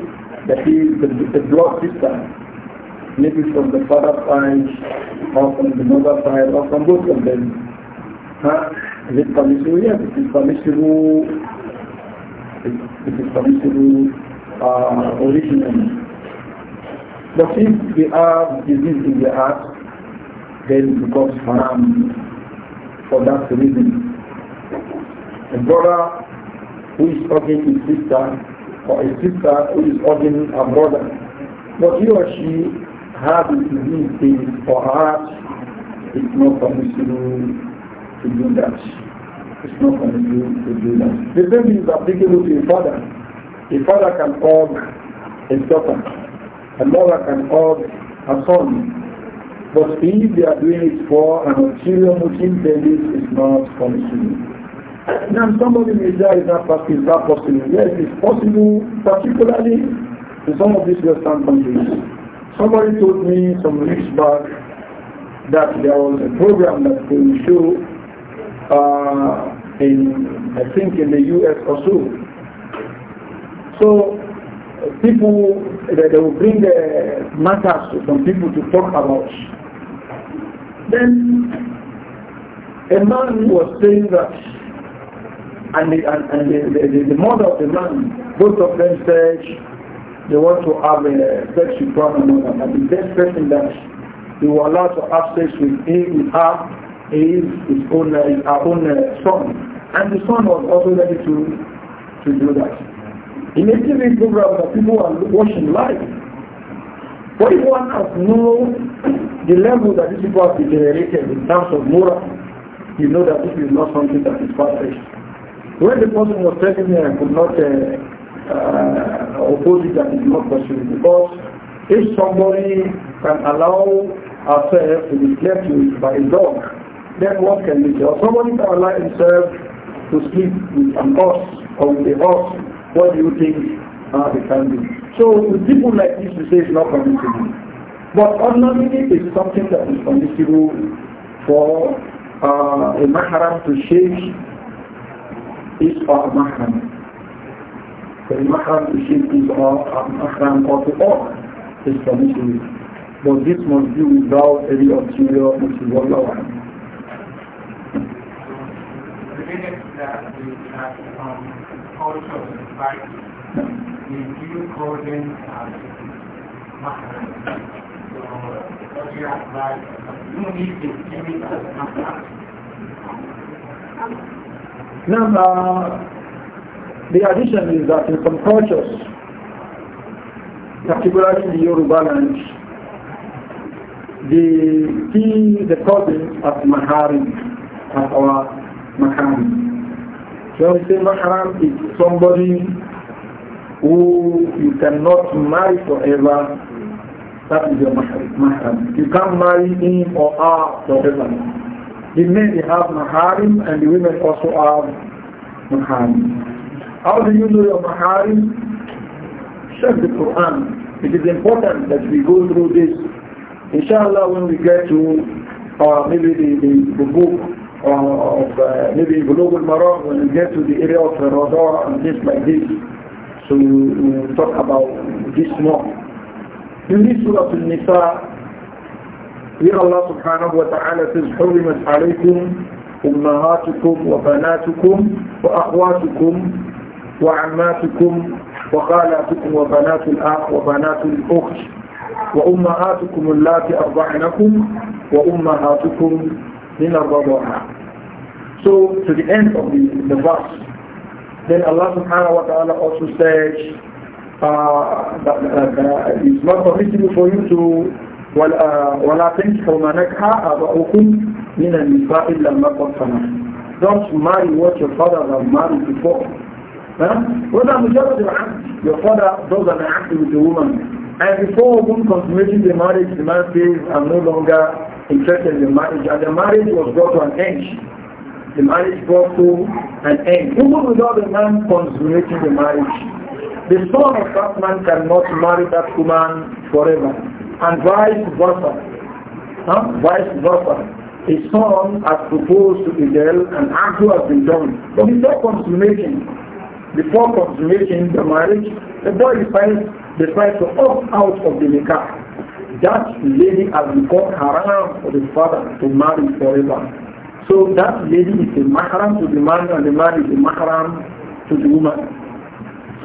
That is the, the blood sister, maybe from the father side, or from the mother side, or from both of them. Huh? Is it permissible? Yes, it is permissible it, it is permissible uh, originally. But if they have disease in the heart, then it becomes haram for that reason. A brother who is hugging his sister, or a sister who is hugging a brother, but he or she has a disease in her heart, it's not permissible to do that. It's not on you to do that. The same is applicable to a father. A father can hug a daughter. A mother can hug a son. But if they are doing it for an ulterior motive, then this is not permissible. Now somebody may say ah, it's that possible, it's not possible. Yes, it's possible, particularly in some of these Western countries. Somebody told me some weeks back that there was a program that they show uh, in, I think, in the U.S. or so. So people, they, will bring the matters to some people to talk about. Then a man was saying that, and the, and, and the, the, the mother of the man, both of them said they want to have a sex problem. and the best person that you were allowed to have sex with him, with her, is his own, uh, our own uh, son. And the son was also ready to, to do that. In a TV program that people are watching live, for one has know the level that these people have generated in terms of moral, you know that this is not something that is far-fetched. When the person was telling me I could not uh, uh, oppose it, that is not possible. Because if somebody can allow ourselves to be slept with by a dog, then what can we do? Somebody can allow himself to sleep with an horse or with a horse. What do you think uh, they can do? So with people like this, we say it's not permissible. But ordinarily, it's something that is permissible for uh, a mahram to shake his or her mahram. For a mahram to shake his or her mahram or to all is permissible. But this must be without any ulterior motive related to um, also invited the new golden Now, uh, the addition is that in some cultures, particularly in the Yoruba land, the tea, the cousins of Mahari as our mahram. So, we say mahram, it's somebody who you cannot marry forever. That is your mahram. You can't marry him or her forever. The men have maharim and the women also have maharim. How do you know your maharim? Check the Quran. It is important that we go through this. Inshallah, when we get to uh, maybe the, the, the book of uh, maybe global marag when you get to the area of radar and things like this. So you, you talk about this more. In this Surah Al-Nisa, here Allah subhanahu wa ta'ala says, حُرِّمَتْ عَلَيْكُمْ أُمَّهَاتُكُمْ وَبَنَاتُكُمْ وَأَخْوَاتُكُمْ وَعَمَّاتُكُمْ وَخَالَاتُكُمْ وَبَنَاتُ الْأَخ وَبَنَاتُ الْأُخْتِ وأمهاتكم اللَّاتِ أرضعنكم وأمهاتكم من So to the end of the, the verse, then Allah subhanahu wa ta'ala also says uh, uh, that, it's not permissible for you to ولا تنكحوا ما نكح أباؤكم من النساء إلا ما قد Don't marry what your father has married before. Huh? Whether مجرد العقد, your father does an act with woman, And before even consummating the marriage, the man says, I'm no longer interested in the marriage. And the marriage was brought to an end. The marriage brought to an end. Even without the man consummating the marriage, the son of that man cannot marry that woman forever. And vice versa. Huh? Vice versa. A son has proposed to a girl and act has been done. But without not consummating. before consummating the marriage, the boy decides, decides to opt out of the nikah. That lady has become haram for the father to marry forever. So that lady is a mahram to the man and the man is a mahram to the woman.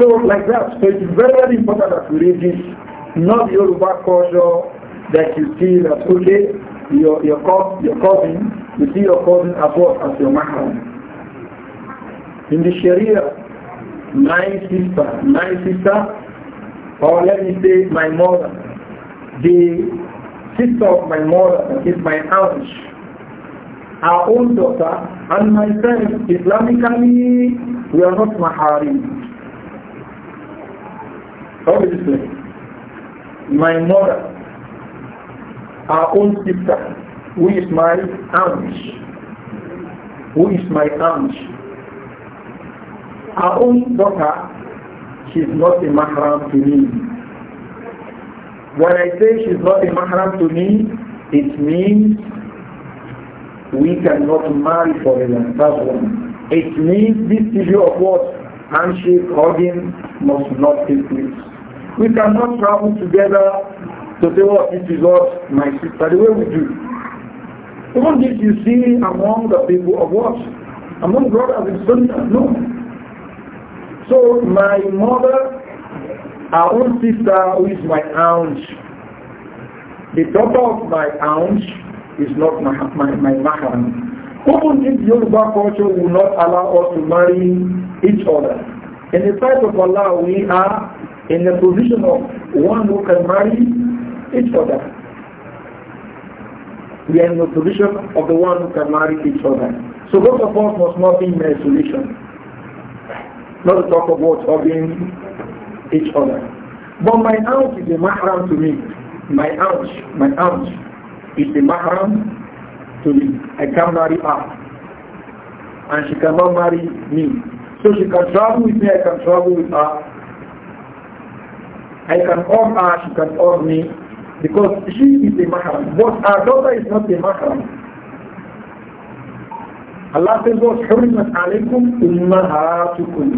So like that, so it's very, very important that we read this, not Yoruba culture that you see that, okay, your, your, your cousin, you see your cousin as well As your mahram. In the Sharia, my sister, my sister, or let me say my mother, the sister of my mother, is my aunt, our own daughter, and myself, Islamically, we are not maharim. Obviously, my mother, our own sister, who is my aunt, who is my aunt, her own daughter, she's not a mahram to me. When I say she's not a mahram to me, it means we cannot marry for That's one. It means this issue of what? Handshake, hugging must not take place. We cannot travel together to say what oh, this is what my sister, the way we do. Even this you see among the people of what? Among brothers and sisters, no. So my mother, our own sister who is my aunt, the daughter of my aunt is not my, my, my mahram. Even if Yoruba culture will not allow us to marry each other, in the sight of Allah we are in the position of one who can marry each other. We are in the position of the one who can marry each other. So both of us must not be in isolation. Not to talk about hugging each other. But my aunt is a mahram to me. My aunt, my aunt is a mahram to me. I can marry her. And she cannot marry me. So she can travel with me, I can travel with her. I can own her, she can own me. Because she is a mahram. But our daughter is not a mahram. Allah says what? Hurrimat alaykum ummahatukum.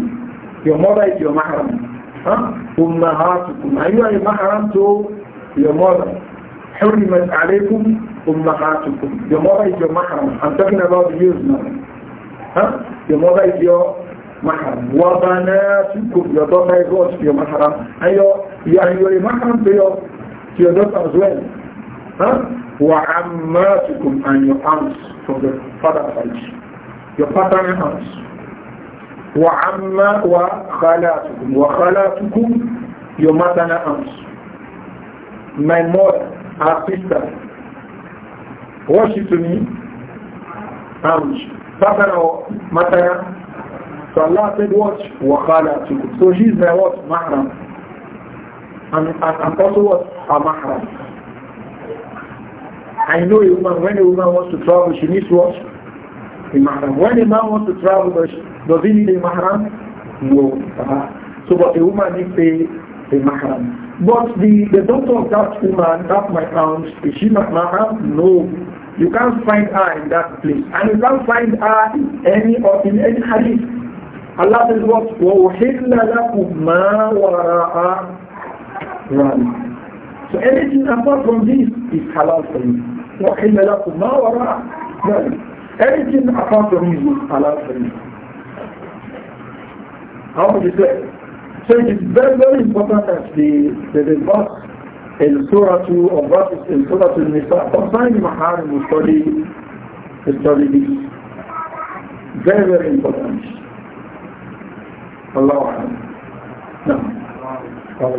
Your mother is your mahram. Huh? Ummahatukum. Are you a mahram to your mother? Hurrimat alaykum ummahatukum. Your mother is your mahram. I'm talking about you now. Huh? Your mother is your mahram wa banatukum your daughter is also your mahram and your you are your mahram from the father side your paternal house wa وخلاتكم wa khalatukum wa khalatukum your maternal house my mother her sister what to me house paternal or so Allah said what wa khalatukum so she's my what mahram and, and, and also what her mahram I know a woman, when a woman wants to travel, she needs what? in mahram. When a man wants to travel, does he need a mahram? No. Uh, so but the woman needs a, a mahram. But the, the daughter of that woman, that my aunt, is she not mahram? No. You can't find her in that place. And you can't find her in any or in any hadith. Allah says what? وَأُحِلَّ لَكُمْ مَا وَرَاءَ So anything apart from this is halal for you. وَأُحِلَّ لَكُمْ مَا وَرَاءَ Anything apart from him is allowed for him. How would you say? So it is very, very important that the, the, the verse in Surah 2 or verses in Surah 2 Nisa concerning Maharim will study, study this. Very, very important. Allah. No. Allah.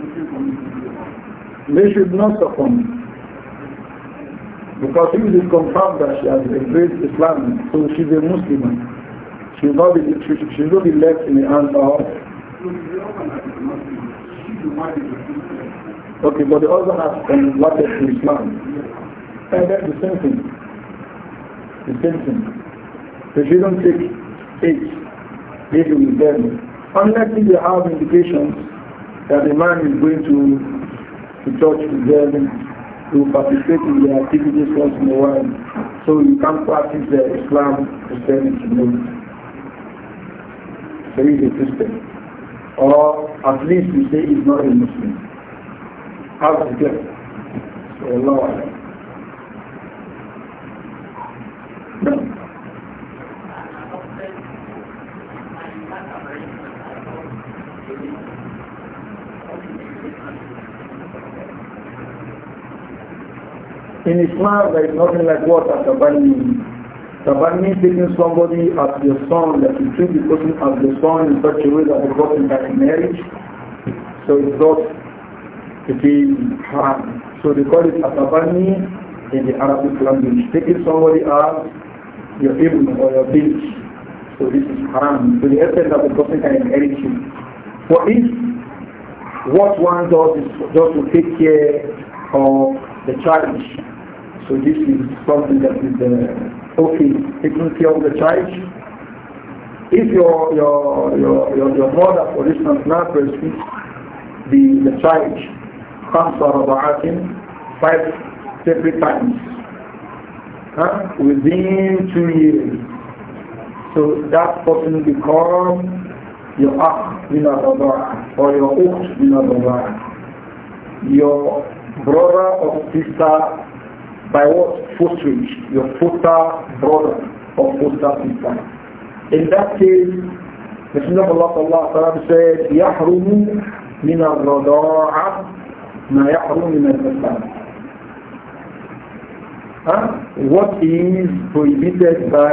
They should not succumb. Because if it is confirmed that she has embraced Islam, so she's a Muslim. She will not be, left in the hands of. Okay, but the husband has converted to Islam. And that's the same thing. The same thing. So she don't take it living with them. Unless if they have indications that the man is going to, to church with them to participate in their activities once in a while. So you can practice the Islam Christianity movement. So he's a Christian. Or at least you say he's not a Muslim. How to get? So Allah. No. in Islam, there is nothing like what a tabanni means. Tabanni taking somebody as your son, that you treat the person as your son in such a way that the person can marriage. So it's not to be haram. So they call it a in the Arabic language. Taking somebody as your ibn or your bitch. So this is haram. So the essence that the person can inherit you. For if what one does is just to take care of the child so this is something that is uh, okay. Taking care of the child. If your your your your, your mother, for instance, now breastfeeds the the child, comes out of five separate times huh? within two years. So that person becomes your akh in or your ukht bin Your brother or sister by what? Fosterage, your footer, brother or footer, sister. In that case, the Messenger of Allah sallallahu said, يَحْرُمُ مِنَ الرَّضَاعَ مَا يَحْرُمُ مِنَ الْإِسْلَامِ Huh? What is prohibited by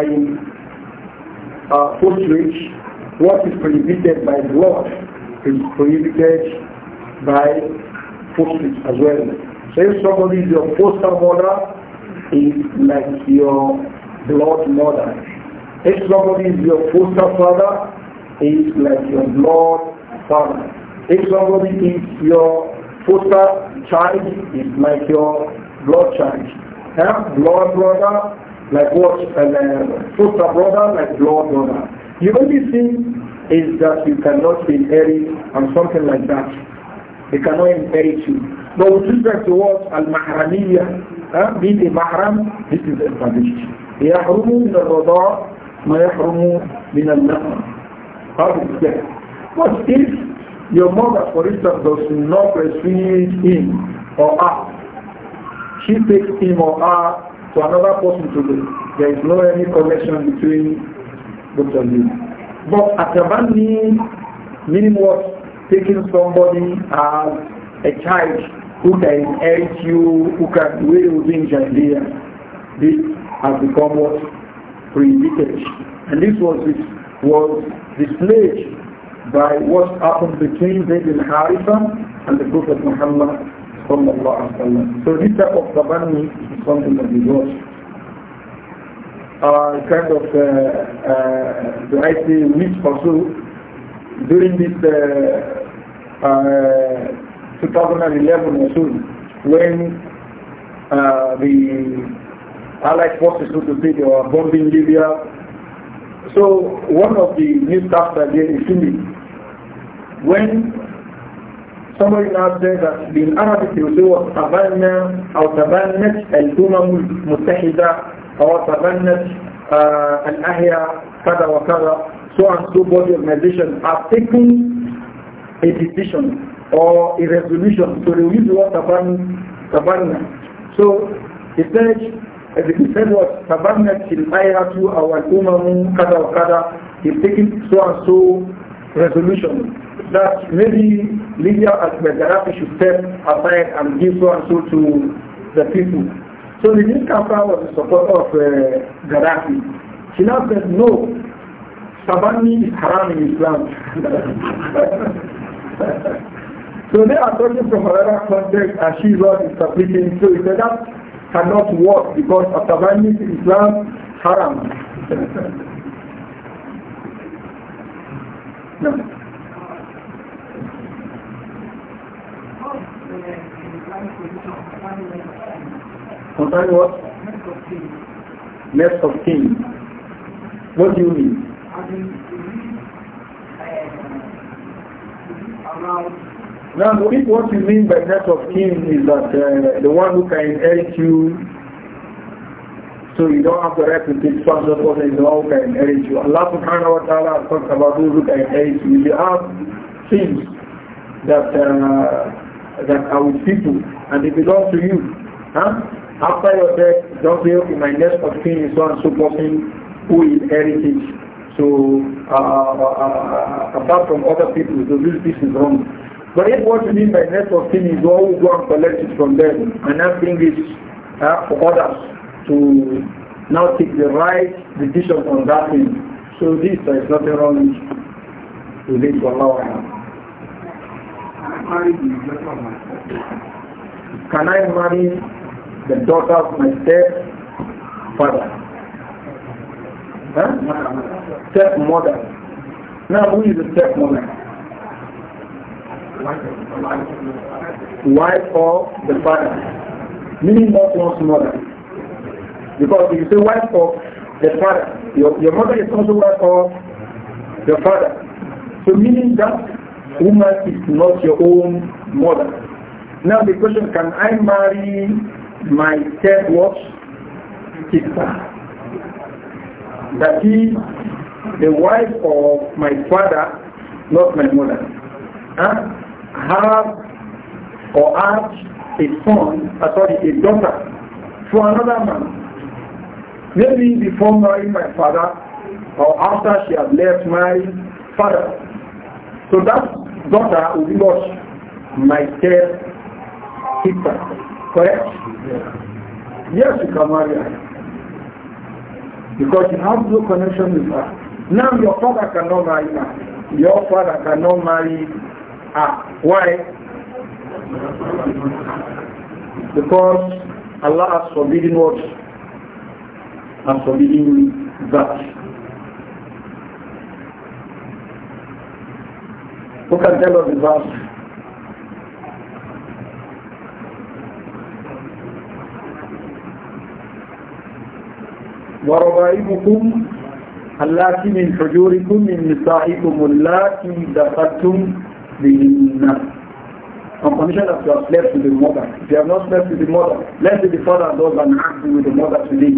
uh, fosterage, what is prohibited by blood, is prohibited by fosterage as well. So if somebody is your foster mother, is like your blood mother. If somebody is your foster father, is like your blood father. If somebody is your foster child, is like your blood child. Yeah? Blood brother, like what? And, uh, foster brother, like blood brother. The only thing is that you cannot inherit and something like that. They cannot inherit you. But with respect to what al-mahramiyya, uh, being a mahram, this is established. يحرم من الرضاع ما يحرم من النقر. How is that? But if your mother, for instance, does not breastfeed him or her, she takes him or her to another person to do. There is no any connection between both of you. But atabani meaning what? Taking somebody as a child who can aid you, who can do it within This has become what? Prohibited. And this was, this, was displayed by what happened between Zayd al Haritha and the Prophet Muhammad sallallahu alaihi wasallam. So this type of tabani is something that we lost, Uh, kind of, uh, uh, do I say, which also during this uh, uh, 2011 or soon, when uh, the Allied forces, so to say, they were bombing Libya. So one of the newscaster there in Hindi, when somebody now said that in Arabic you say was tabanna or tabannat al-umam al-mutahida or tabannat uh, al-ahya kada wa kada, so and so body organization are taking a decision or a resolution. to they use the word So he said, as he said what, tabanna in ayatu our umamu kada kada, he's taking so and so resolution that maybe Lydia as Gaddafi should step aside and give so and so to the people. So the new Kafka was the supporter of uh, Gaddafi. She now said, no, Sabani is haram in Islam. So they are talking from another context and she was is So he said that cannot work because of abandoning Islam haram. Concerning what? Next of kin. What do you mean? I mean, around now, if what you mean by that of kin is that uh, the one who can inherit you, so you don't have the right to take some of what is the one who can inherit you. Allah subhanahu wa ta'ala talks about those who can inherit you. You have things that, uh, that are with people and they belong to you. Huh? After your death, don't say, okay, my next of kin is so and so person who inherited. So, uh, uh, uh, apart from other people, so this, this is wrong. But if what you mean by networking of thing is what we go and collect it from them and then bring it up uh, for others to now take the right decision on that thing. So this there is nothing wrong with it for now. Can I marry the daughter of my stepfather? Huh? Stepmother. Now who is the stepmother? Wife or the father. Meaning not one's mother. Because if you say wife or the father, your, your mother is also wife or the father. So meaning that woman is not your own mother. Now the question, can I marry my third watch sister? That is the wife of my father, not my mother. Huh? have or ask a son, uh, sorry, a daughter to another man. Maybe before marrying my father or after she has left my father. So that daughter will be what? My third sister. Correct? Yes, you can marry her. Because you have no connection with her. Now your father cannot marry her. Your father cannot marry Ah, why? Because Allah has forbidden what? Has forbidden that. Who can tell us the verse? وربائبكم اللاتي من حجوركم من نسائكم اللاتي دخلتم the man. On condition that you have slept with the mother. If you have not slept with the mother, let with the father does an act with the mother today.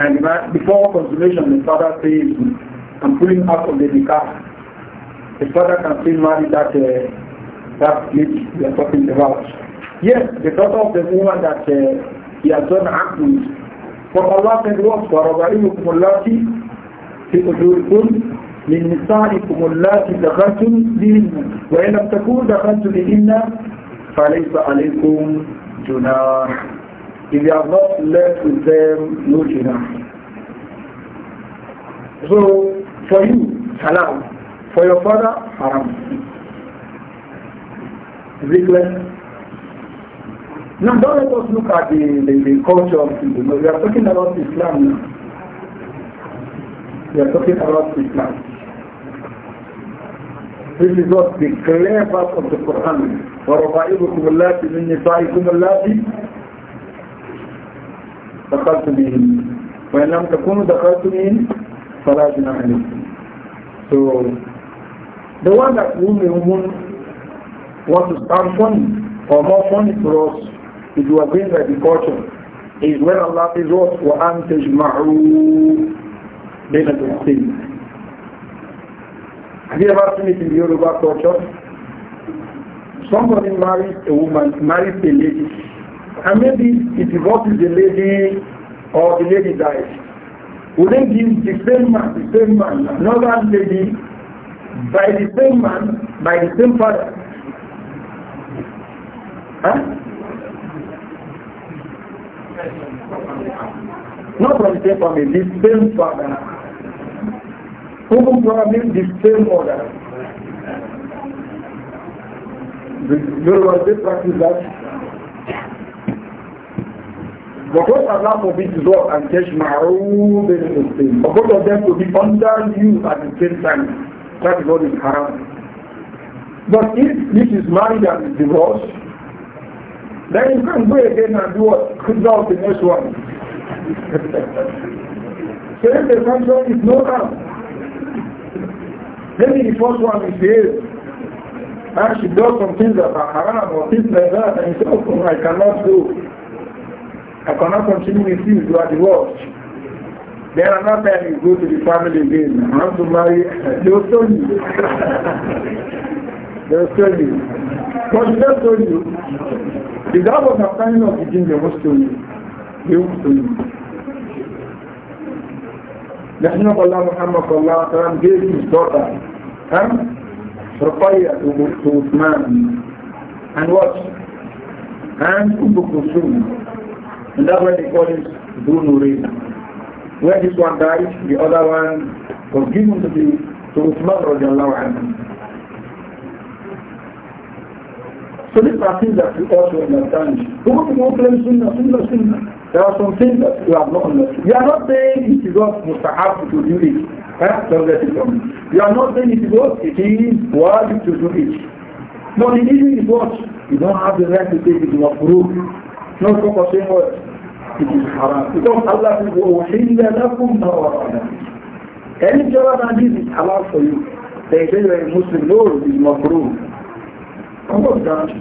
And before consummation, the father says, I'm pulling out of the car. The father can still marry that, uh, that lady we are talking about. Yes, the daughter of the woman that uh, he has done act with. But Allah said, what? وَرَضَعِهُكُمُ People do good." من نسائكم اللاتي دخلتم بهن وإن لم تكونوا دخلتم بهن فليس عليكم جناح If you are not left with them, no jinah. So, for you, halal. For your father, haram. Is Now, don't let us look at the, the, the culture of people. We are talking about Islam now. We are talking about Islam. This is what the clear part of the Quran. وَرَضَائِبُكُمُ اللَّهِ مِنْ نِسَائِكُمُ اللَّهِ دخلتم بهم وإن لم تكونوا دخلتم بهم فلا جناح عليكم. So the one that we may want to start funny or more funny for us if you are going by the culture is when Allah says what وَأَنْ تَجْمَعُوا بين الأختين Have you ever seen it in the Yoruba culture? Somebody marries a woman, marries a lady, and maybe he divorces the lady or the lady dies. Will they give the same man, the same man, another lady, by the same man, by the same father? Huh? Not from the same family, the same father whom promised the same order. There was a practice that because Allah forbids law and Teshma'u bin Muslim, both of them to be under you at the same time, that is what is haram. But if this is married and divorced, then you can go again and do what? Could out the next one. so if the function is no harm, Maybe the first one is here. and she does some things that are haram or things like that, and he says, oh, I cannot do. I cannot continue with you, you are divorced. Then another time you go to the family again, I want to marry, they will tell you. they will tell you. But they will tell you. If that was a kind of the king, they will tell you. They will tell you. National Allah Muhammad sallallahu alaihi wasallam gave his daughter, huh? Rafaya to, to Uthman. And what? And Ubu Kusum. And that's why they call it Brunurina. When this one died, the other one was given to the to Uthman radiallahu anhu. So these are things that we also understand. Who claims Sunnah, Sunnah, Sunnah? There are some things that you have not understood. You are not saying it is what mustahab to do it. Eh? Don't get it wrong. You are not saying it is what it is wajib to do it. No, the issue is what? You don't have the right to say it is mafruq. No proper saying what? It is haram. Because Allah says, وَأُحِلَّ لَكُمْ مَا وَرَأَنَا Any job than this is halal for you. They say you are a Muslim, no, it is mafruq. How was that?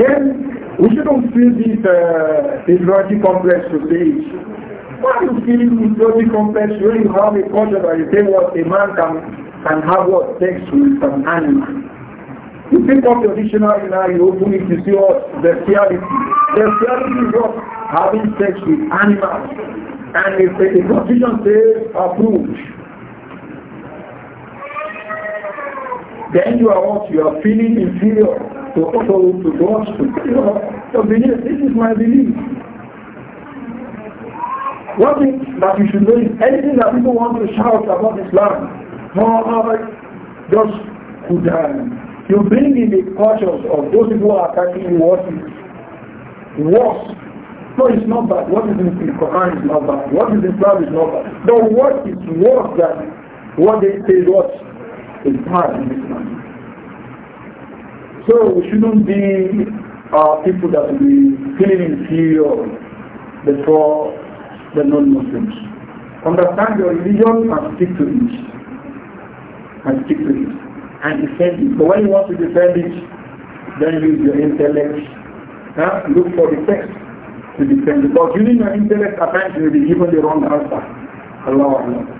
Then we shouldn't feel this uh, inferiority complex today. say Why you feel inferiority complex when you have a culture that you say what a man can, can have what sex with an animal? You pick up your dictionary now, you open it, you see what bestiality. Bestiality is what having sex with animals. And if a, a constitution says approved, then you are what? You are feeling inferior to also to God, to your, belief. This is my belief. One thing that you should know is anything that people want to shout about Islam, however, just could you bring in the cultures of those people who are attacking what is worse. No, it's not bad. What is in the Quran is not bad. What is in Islam is not bad. The what is worse than what they say is what is bad in Islam. So we shouldn't be uh, people that will be feeling inferior before the non-Muslims. Understand your religion and stick to it. And stick to it. And defend it. But when you want to defend it, then use your intellect. Huh? Look for the text to defend it. Because using your intellect apparently you will be given the wrong answer. Allah Allah.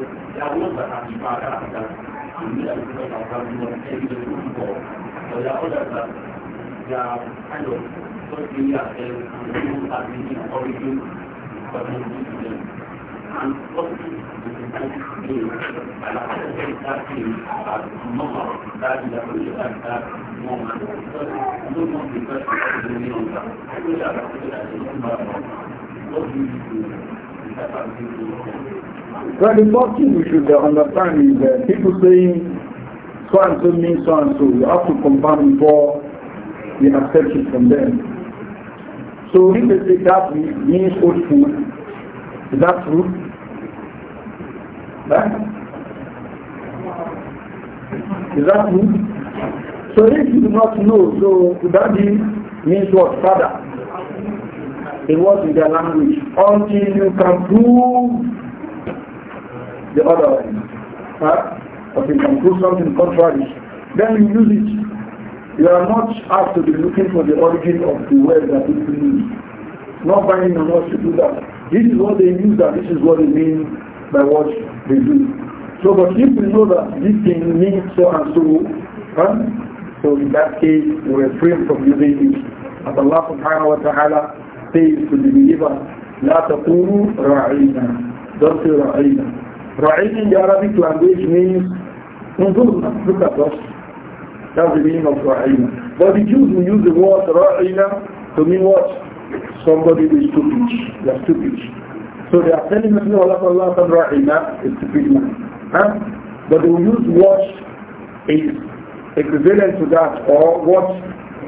يقول فتحكي بعد عهدا عن مئة بيت عظام والسيد الأنبور ويقول لك يا حلو قلت يا خير عن المتعبين قريب وتنزيل عن قصد على حسب التأكيد على النظر إلى كل أكثر مؤمن نظر في فتح المليون كل أكثر الأسئلة وفي التفاصيل Well, the first thing we should uh, understand is that uh, people saying so and so means so and so. You have to confirm before we accept it from them. So if they say that means old food, is that true? Right? Eh? Is that true? So if you do not know, so that means what? Father. It was in their language. Until you can prove the other one. Huh? But you can prove something contrary. Then you use it. You are not asked to be looking for the origin of the word that used. Not finding on us to do that. This is what they use That this is what they mean by what they do. So but if we know that this thing means so and so, huh? so in that case we refrain from using it. As Allah subhanahu wa ta'ala says to the believer, لا تقولوا راعينا don't say راعينا Ra'id in the Arabic language means Unzurna, look at us. That's the meaning of Ra'ina. But the Jews will use the word Ra'ina to mean what? Somebody who is stupid. They are stupid. So they are telling us, no, Allah Ra'ina is stupid man. Huh? But they will use what is equivalent to that or what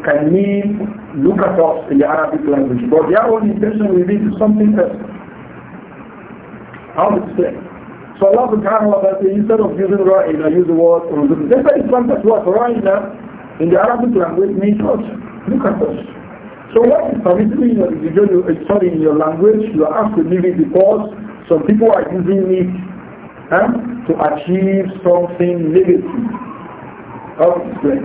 can mean look at us in the Arabic language. But their own intention will be something else. How to say? So Allah subhanahu wa ta'ala says, instead of using ra'ina, use the word ruzun. That's why Islam says what? Ra'ina in the Arabic language means what? Look at us. So what is permissible in your, study in your language, you are asked to leave it because some people are using it huh, to achieve something negative. How to explain?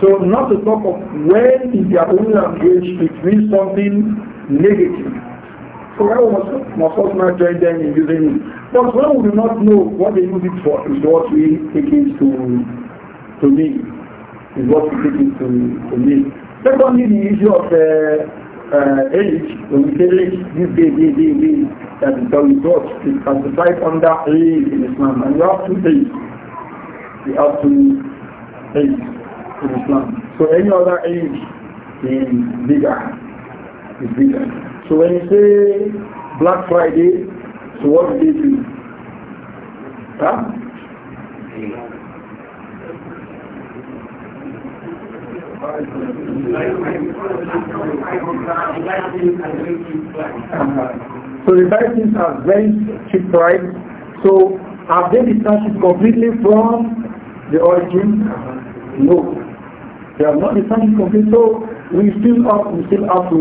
So not to talk of when in your own language it means something negative. So I must, must also not join them in using it. But we do not know what they use it for is what we take it to, to me, is what we take it to, to me. Secondly, the issue of uh, uh, age, when we say age, this day, day, day, day, that is how it works, is classified under age in Islam. And you have two days. You have two days in Islam. So any other age is bigger. Is bigger. So when you say Black Friday, So what did uh-huh. So the Titans are very cheap price. So have they detached completely from the origin? Uh-huh. No. They have not detached completely. So we still have, we still have to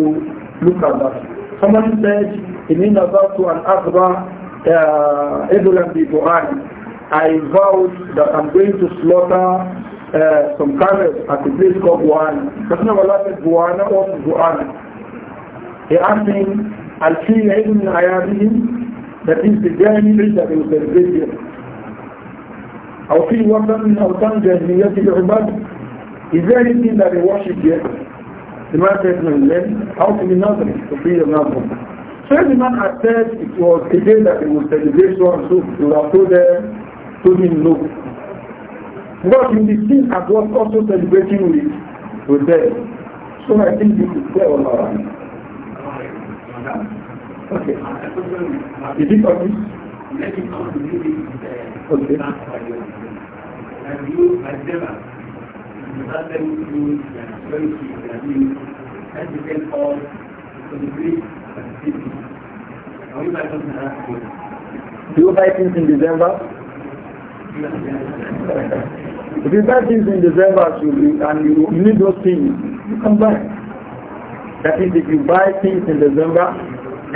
look at that. Someone said, إِنِّي نَظَرْتُ أَنْ أَخْضَى إِذُلًا بِبُعَانِ I vowed that I'm going to slaughter uh, some camels at the place called Buana. That's not Allah said Buana or Buana. He asked him, Al-Fi Ibn Ayabihim, that is the journey that he was celebrating. أو في وطن من أوطان جاهلية العباد. Is there anything that he worship here? رواية ابن الليل أو في نظر في نظر Certainly man had said it was a day that he would celebrate so and so to Rasul to him no. But in the sin as was also celebrating with, with them. So I think this is clear on our hand. Okay. Is it obvious? Okay. without them being very sick and being educated or to the Greek Are we back on the Do you buy things in December? if you buy things in December and you need those things, you come back. That is, if you buy things in December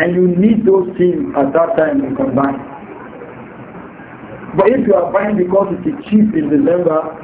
and you need those things at that time, you come back. But if you are buying because it is cheap in December,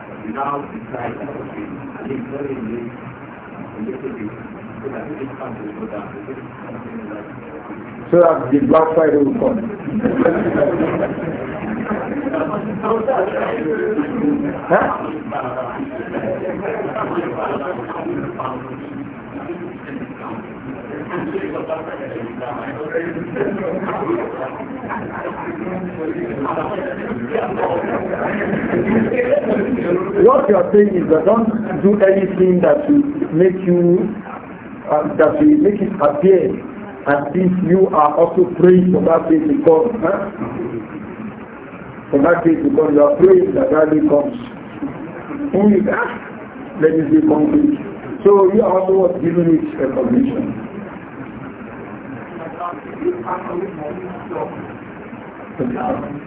now decide that I think very late to down. So that the Black Friday will come. huh? What you are saying is that don't do anything that will make you, uh, that will make it appear as if you are also praying for that day to come. Huh? For that day to come, you are praying that that day comes. Who is that? Let me be complete. So you are also what giving it recognition. to Now you,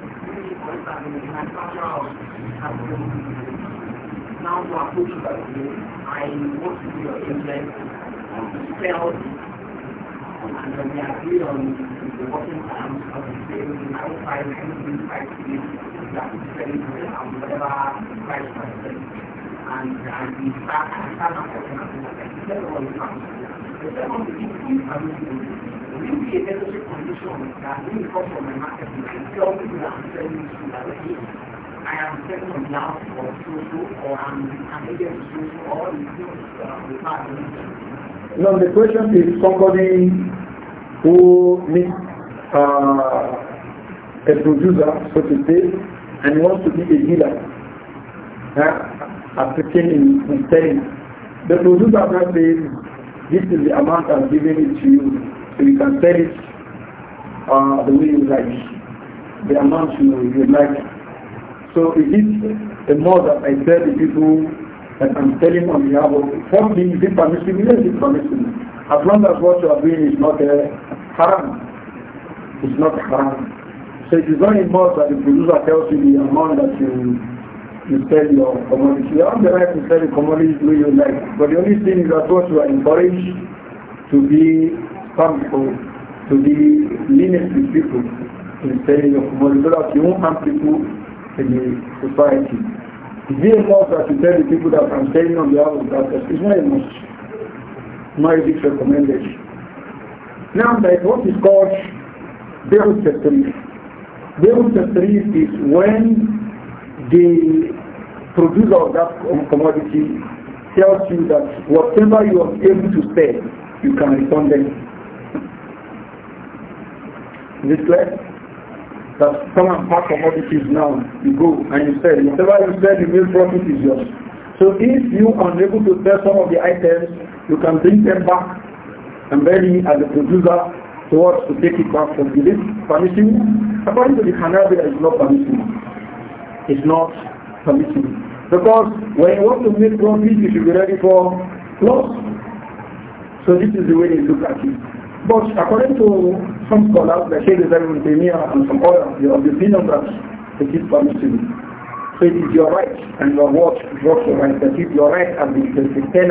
and then we agree on the working terms of the sale, and I will find anything that is very good and whatever price for it. And, and we start, I start my question, and I said, the second is, if you are you get that is you a I'm selling this to I am selling on now or or I'm I'm or the Now the question is somebody who needs uh, a producer, so to say, and wants to be a dealer, uh, applicant in, in selling. The producer now says, this is the amount I'm giving it to you. So you can sell it uh, the way you like, the amount you, you like. So it is the more that I tell the people that I'm telling on behalf of something, is it permissible? Yes, it's permissible. As long as what you are doing is not uh, haram. It's not haram. So it is only important that the producer tells you the amount that you you sell your commodity. You have the right to sell the commodity the way you like. But the only thing is that what you are encouraged to be sample to be lenient people in saying of money so you harm people in the society. It's very important that tell the people that I'm saying on behalf of that person. It's not enough. Nor is it Now what is called Beirut Tasrif. Beirut Tasrif is when the producer of that commodity tells you that whatever you are able to sell, you can refund them. Is it clear? That part of what it is now, you go and you sell. Whatever you sell, the real profit is yours. So if you are unable to sell some of the items, you can bring them back and then as a producer towards to take it back from the permission. permissible? According to the Hanabila, it's not permissible. It's not permissible. Because when you want to make profit, you should be ready for loss. So this is the way they look at it. But according to some scholars, the Shaykh Rizal Ibn Taymiyyah and some others, they are the opinion that it is permissible. So it is your right and your watch drops your right, that is your right as the, the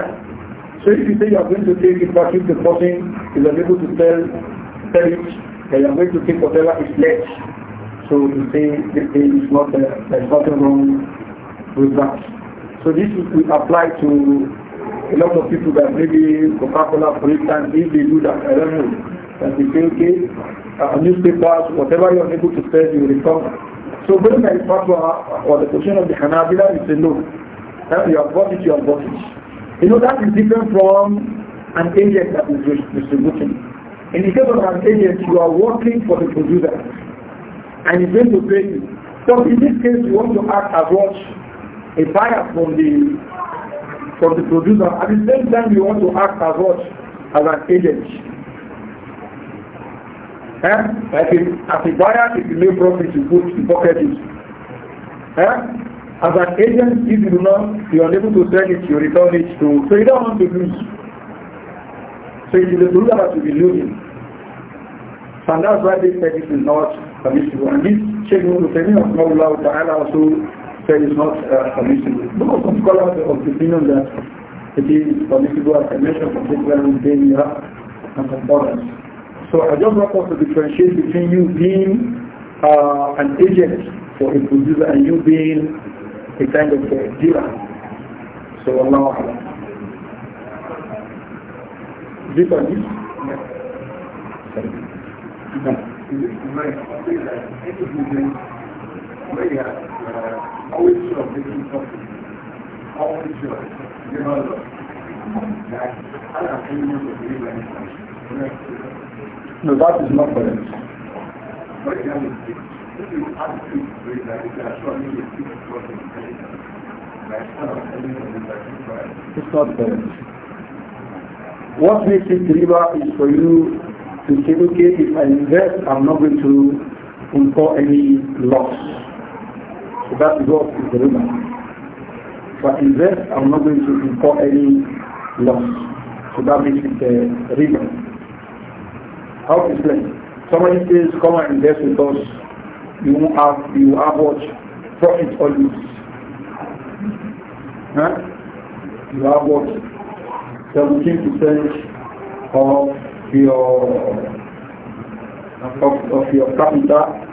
So if you say you are going to take it but if the person is unable to tell, tell it, that you are going to take whatever is left. So you say this thing is not, a, uh, there is nothing wrong with that. So this we apply to a lot of people that maybe Coca-Cola, for instance, if they do that, I don't know, that they say, okay, uh, newspapers, whatever you're able to sell, you recover. So going by fatwa or the position of the Hanabila, you say, no, uh, you have bought it, you have bought it. You know, that is different from an agent that is distributing. In the case of an agent, you are working for the producer and he's going to pay you. So in this case, you want to act as what a buyer from the For the producer. At the same time, you want to act as what? As an agent. Eh? Like if, as a buyer, if you make profit, you put the pocket it. Eh? As an agent, if you do not, you are unable to sell it, you return it to. So you don't want to lose. So it is the producer that will be losing. And that's why they said this is not permissible. And this Sheikh Muhammad Hussein, Allah Ta'ala, also That is not uh, permissible. Because some scholars of the opinion that it is permissible, as I mentioned, particularly in Kenya and some So I just want us to differentiate between you being uh, an agent for a producer and you being a kind of a dealer. So Allah Allah. This or this? Yeah. Sorry. No prayer, uh, always sure making something. Always sure. I have believe No, that is not correct. But you have if you ask to that, are sure you will the it's not correct. What makes it riba is for you to say, okay, if I invest, I'm not going to incur any loss. So that is what is the riba. but in this, I'm not going to incur any loss. So that makes it uh, riba. How to explain? Somebody says, come and invest with us. You will have, you have what? Profit or lose. Huh? You have what? 17% of your of, of your capital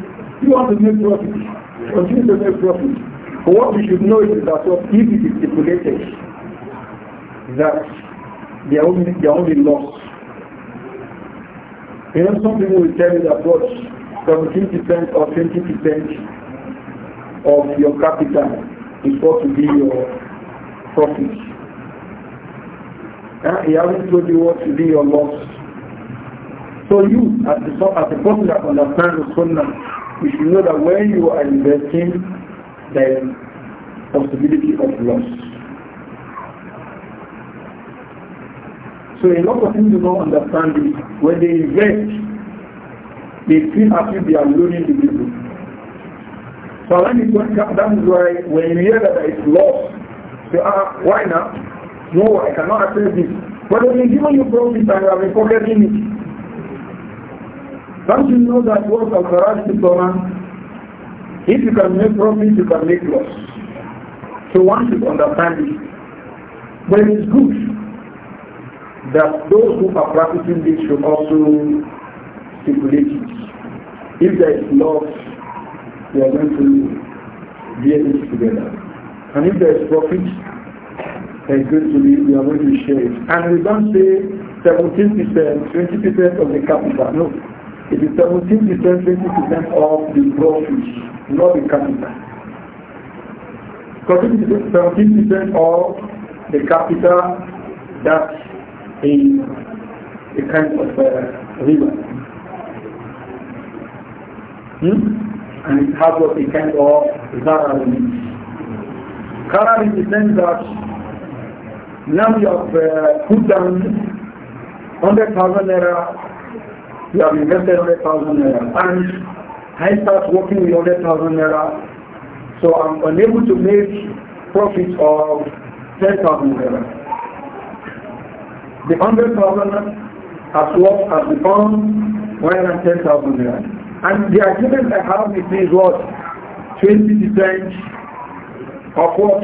You want to make profit. Continue to make profit. But what we should know is that what if it is stipulated that they are only, they are only lost. You know, some people will tell you that what 17% or 20% of your capital is supposed to be your profit. Uh, he hasn't told you what to be your loss. So you, as the, as the person that understands the Sunnah, you should know that when you are investing, there is possibility of loss. So a lot of people do not understand this. When they invest, they feel as if they are losing the business. So when it went up, that is why when you hear that it's lost, you ah, why now? No, I cannot accept this. But when given you profit and you have been forgetting it, don't you know that what of the right diploma? If you can make profit, you can make loss. So one should understand it, But it is good that those who are practicing this should also stipulate it. If there is loss, we are going to bear this together. And if there is profit, there is going to be, we are going to share it. And we don't say 17%, 20% of the capital. No. It is 17 percent, 20% of the profit, not the capital. Because it is 17 percent of the capital that is a kind of uh, river. Hmm? And it has what a kind of zara limit. Zara the sense that now you have uh, put down 100,000 naira you have invested 100,000 naira and I start working with 100,000 naira so I'm unable to make profit of 10,000 naira. The 100,000 as what has become 110,000 naira. And the agreement I have with me is what? 20% of what?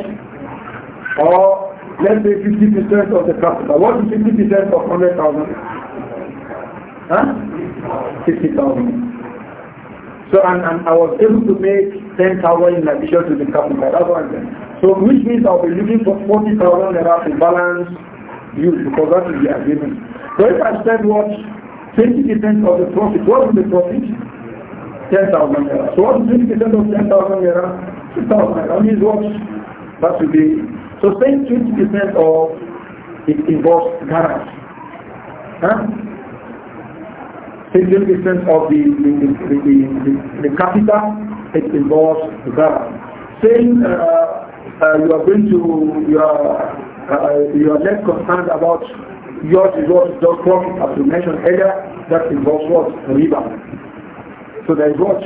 Or let's say 50% of the capital. What is 50% of 100,000? 50,000. So, and, and I was able to make 10,000 in addition to the capital. That's what I So, which means I'll be looking for 40,000 naira to balance you because that is the agreement. So, if I said what? 20% of the profit. What is the profit? 10,000 naira. So, what is 20% of 10,000 naira? 2,000 naira. That means what? That should be. So, saying 20% of it involves garage. Huh? taking distance of the, the, the, the, the capital, it involves Ghana. Saying uh, uh, you are going to, you are, uh, you are less concerned about yours is what is just profit, as you mentioned earlier, that involves what? River. So there is what?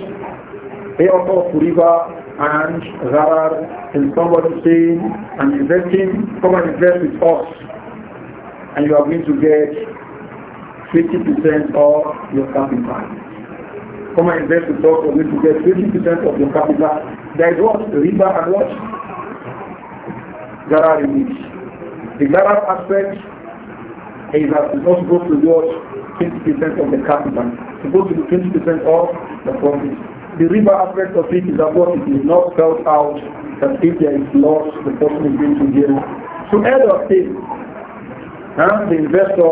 A of river and rather and somebody saying and investing, come and invest with us and you are going to get 50% of your capital. Come and invest with us for you to get 50% of your capital. There is what? Riba and what? Gara remit. The Gara aspect is that it's not supposed to be what? 20% of the capital. It's supposed to be 20% of the profit. The river aspect of it is that what it is not spelled out that if there is loss, the person is going to gain. So end of it, huh? the investor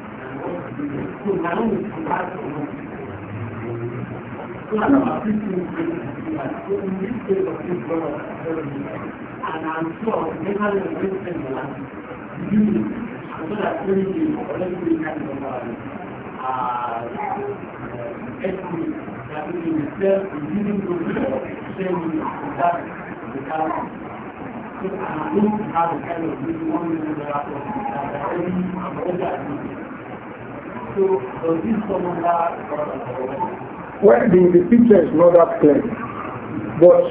And I'm sure never will listen to us. You, so that we can collectively kind of uh, ethnic, that we can serve the living people, sharing that without. So I don't have a kind of this one that I have to do. Well, the, the picture is not that clear. But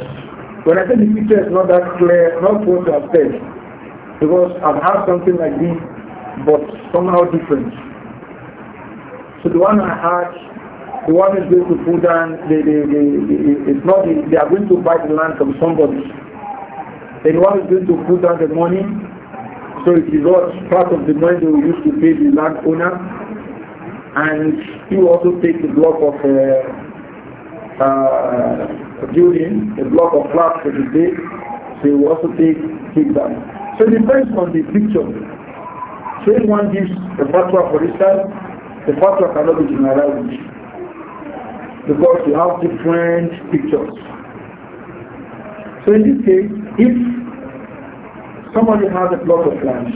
when I say the picture is not that clear, not what you have said, because I've had something like this, but somehow different. So the one I had, the one is going to pull down, they, they, they, it's not, the, they are going to buy the land from somebody. Then one is going to put down the money, so it is not part of the money they will use to pay the landowner and you also take a block of uh, uh, building, a block of flats for the day, so you also take, take that. So it depends on the picture. So if one gives a fatwa for instance, the fatwa cannot be generalized because you have different pictures. So in this case, if somebody has a block of land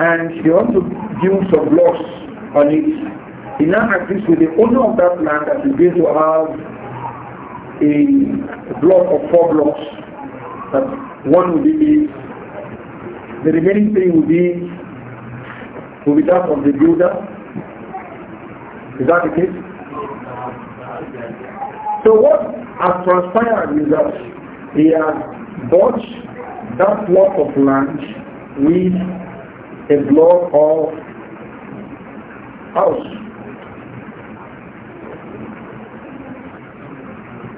and he wants to give some blocks on it, he now agrees with the owner of that land that he's going to have a block of four blocks. That one will be his, the remaining three will be will be that of the builder. Is that the case? So what has transpired is that he has bought that block of land with a block of house.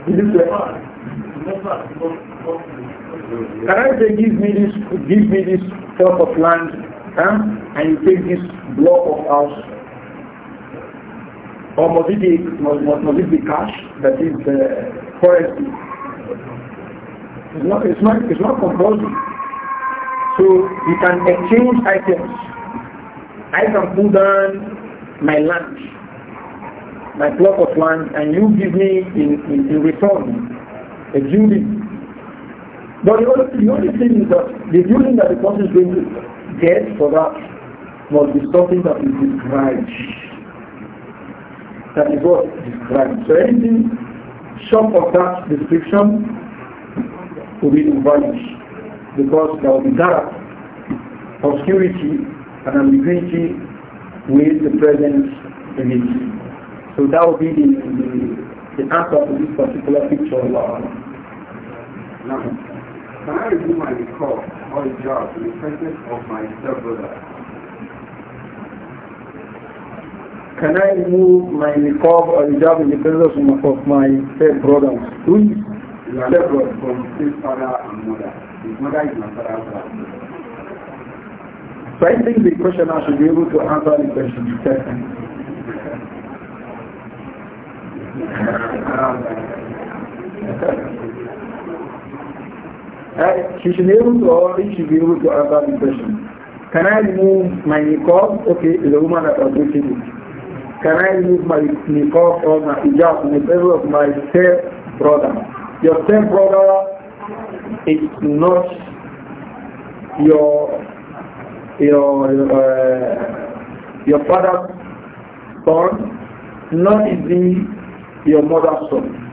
This is the house. Perhaps they give me this, give me this plot of land, huh? and you take this block of house. Or must it be, must, must it be cash? That is uh, currency. It's not, it's not, it's not compulsory. So you can exchange items. I can put down my land, my plot of land, and you give me in, in, in return a duty. But the only, the only thing is that the duty that the person is going to get for that must be something that is described. That is what described. So anything short of that description will be invalid because there will be dark, obscurity, and ambiguity with the present in it. So that will be the, the, the answer to this particular picture. Now, can I do my recall or job in the presence of my brother? Can I remove my niqab or job in the presence of my stepbrother? Who is stepbrother? From his father and mother. His mother is my father's brother. So I think the question I should be able to answer the question. uh, she should be able to, or he should be able to answer the question. Can I remove my niqab? Okay, the woman that was waiting it. Can I remove my niqab or my hijab in favor of my step brother? Your step brother is not your your uh, your father's son, not is your mother's son.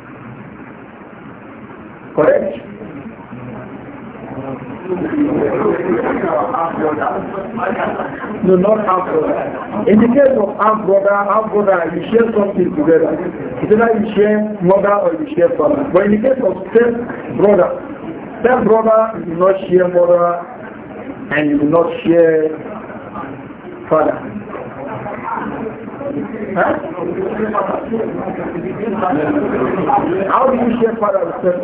Correct? No, not half brother. In the case of half brother, half brother, you share something together. It's either you share mother or you share father. But in the case of step brother, step brother, you not share mother and you do not share father. Huh? How do you share father with them?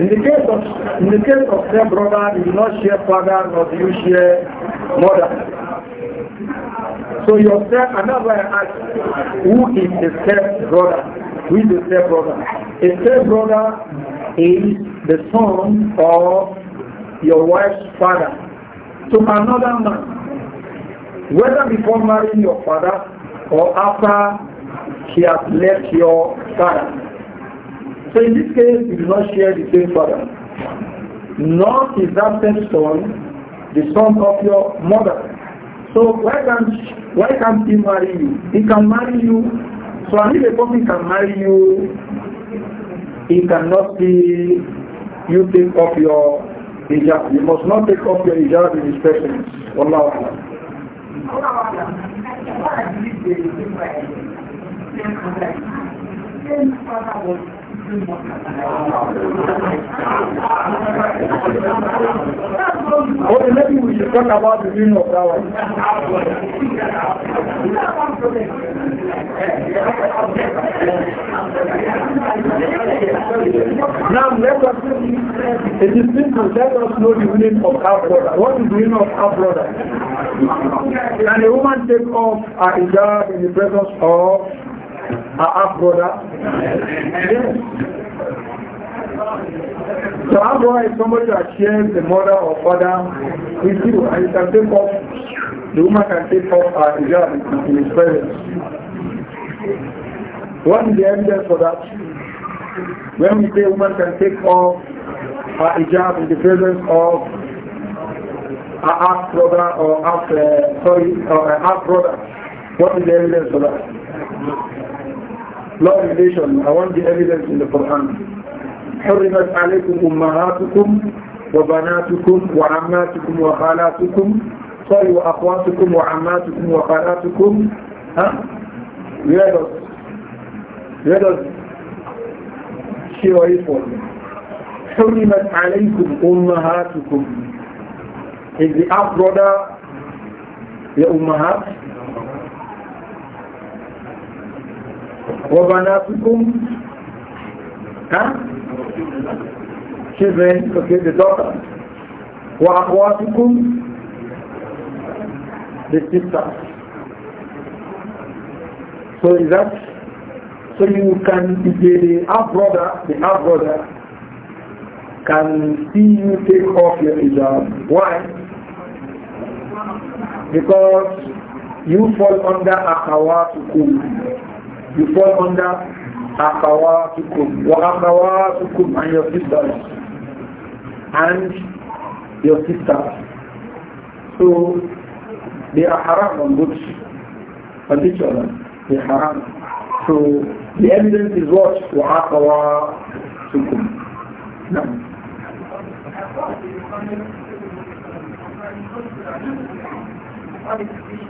In the case of in the case of their brother, you do not share father nor do you share mother. So yourself, another ask, who is the step brother? Who is the step brother? A step brother is the son of your wife's father to another man, whether before marrying your father or after he has left your father. So in this case, we do not share the same father. Nor is that same son the son of your mother. So why can't, why can't he marry you? He can marry you. So I if a person can marry you It cannot be you take off your hijab. You must not take off your hijab in his presence. Wallahu Allah. Oh, the we should talk about the meaning of that one. Now let us, it is simple, let us know the meaning of our brother. What is the meaning of our brother? Can a woman take off her hijab in the presence of our brother. So our brother is somebody that shares the mother or father with you and you can take off, the woman can take off her hijab in his presence. What is the evidence for that? When we say woman can take off her hijab in the presence of her half brother or half uh, sorry or her half brother, what is the evidence for that? law relation, I want the evidence in the Quran. حرمت عليكم أمهاتكم وبناتكم وعماتكم وخالاتكم sorry وأخواتكم وعماتكم وخالاتكم ها let us let us see what is for حرمت عليكم أمهاتكم is the half brother the ummahat وبناتكم ها children okay the daughters وأخواتكم the sister. so is that so you can if the half brother the half brother can see you take off your hijab why because you fall under akhawatukum you fall under akhawatukum wa akhawatukum and your sisters and your sisters so they are haram on both on each other they are haram so the evidence is what wa akhawatukum no. Thank you.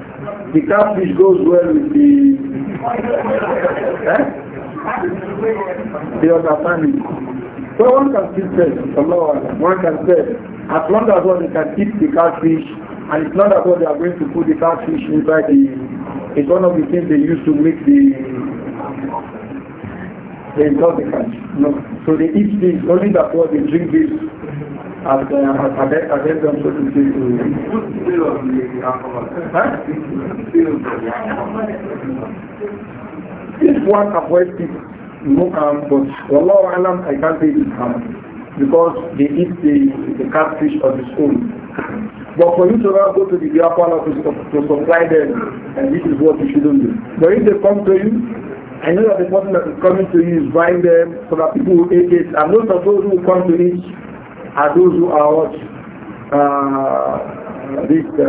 The catfish goes well with the... eh? The other family. So one can still say, Allah, one can say, as long as one can keep the catfish, and it's not though they are going to put the catfish inside the... It's one of the things they use to make the... They the catch. No. So they eat this, only that what they drink this àtẹ́gbẹ̀m tó ti ṣe If one avoids it, no harm, but Wallahu Alam, I can't say it's harm because they eat the, the catfish on the stone. But for you to now go to the beer parlor to, to supply them, and this is what you shouldn't do. But if they come to you, I know that the person that is coming to you is buying them so that people will eat it, and most of those who come to eat are those who are what, uh, these uh,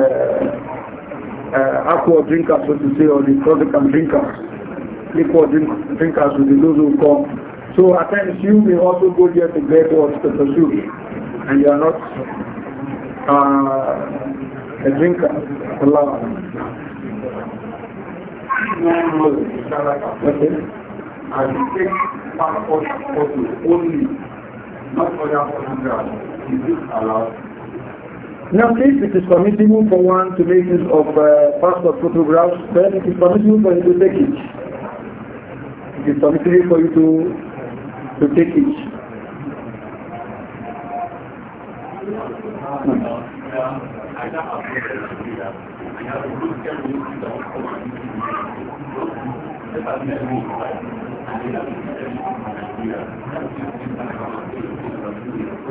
uh alcohol drinkers, so to say, or the African drinkers, liquor drink, drinkers will be those who come. So at times you may also go there to get what to pursue, and you are not uh, a drinker. Allah. Okay. I And take passport only not this Now, if it is permissible for one to make use of uh, passport photographs, then it is permissible for you to take it. It is permissible for you to to take it. Hmm.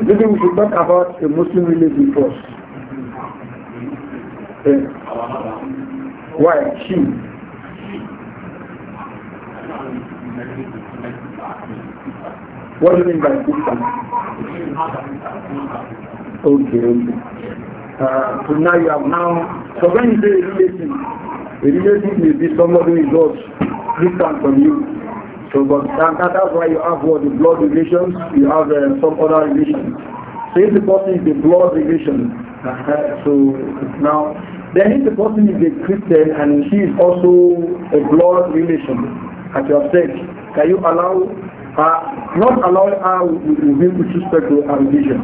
Maybe we should talk about a Muslim religion first. Yeah. Why? She. What do you mean by Islam? Okay, okay. Uh, so now you have now, so when you say relative, a relative may be somebody who is not distant from you. So, but that, that's why you have what the blood relations, you have uh, some other relations. So if the person is a blood relation, uh, so now, then if the person is a Christian and she is also a blood relation, as you have said, can you allow her, not allow her with, with respect to her religion?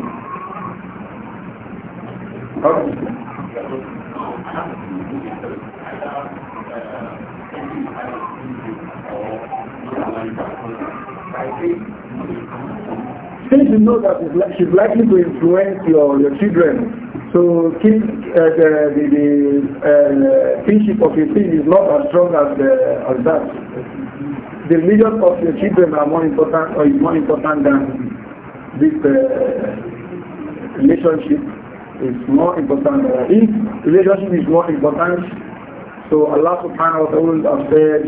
Okay. Since you know that she's likely to influence your, your children, so keep uh, the, the, the uh, kinship of your thing is not as strong as, the, as that. The religion of your children are more important or is more important than this uh, relationship is more important. Uh, if relationship is more important, so Allah subhanahu wa ta'ala has said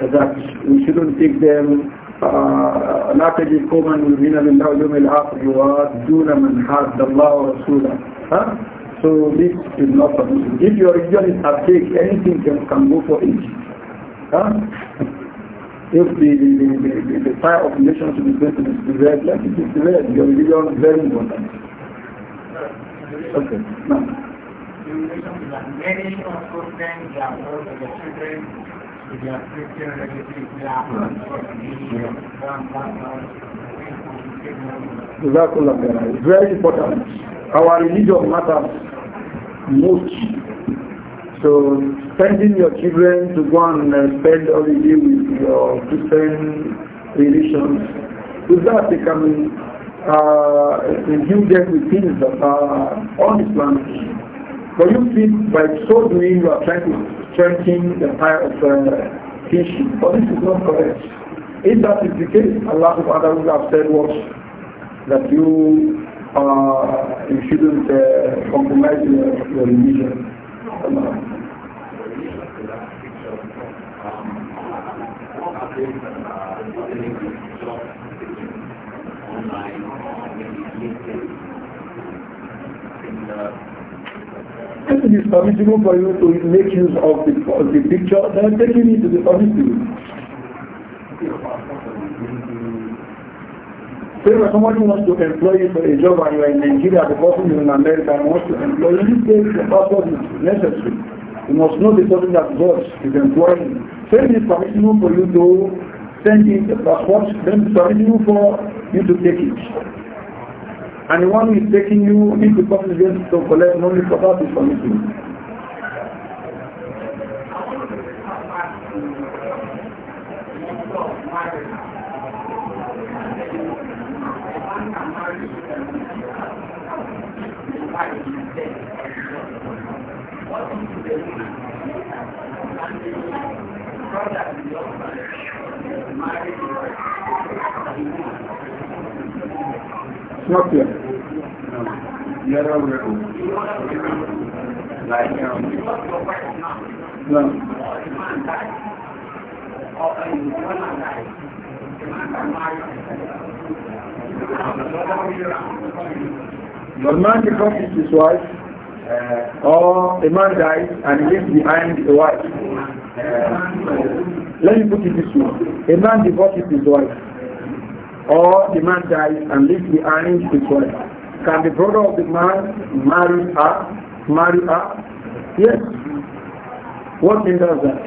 that we shouldn't take them لا تجد قوما يؤمنون بالله واليوم الآخر يوادون من حاد الله ورسوله So this is not permissible. If your religion is at stake, anything can, can go for it. Huh? If the, the, the, the, fire of relationship is going to be severed, let it be severed. Your religion is very important. Okay. Now. of are the children, it's very important. Our religion matters most. So sending your children to go and uh, spend holiday with your Christian relations, with that they can uh, imbue them with things that are un-Islamic. But you see, by so doing, you are trying to strengthen the power of uh, But this is not correct. If that is the case, a lot of ta'ala would have said what? That you, uh, you shouldn't uh, compromise your, your religion it is permissible for you to make use of the, of the picture, then taking it to the permissible. Say that somebody wants to employ you for a job and you are in Nigeria, the person is in America and wants to employ you, in this case the passport is necessary. You must know the person that God is employing. So if it is permissible for you to send in the passport, then it is permissible for you to take it. and one is taking you into public to collect money for that is from you Not clear. No. Your man becomes his wife, uh, or a man dies and leaves behind a wife. Uh, let me put it this way. A man divorces his wife. or the man dies and leaves behind his wife. Can the brother of the man marry her? Marry her? Yes. What hinders that?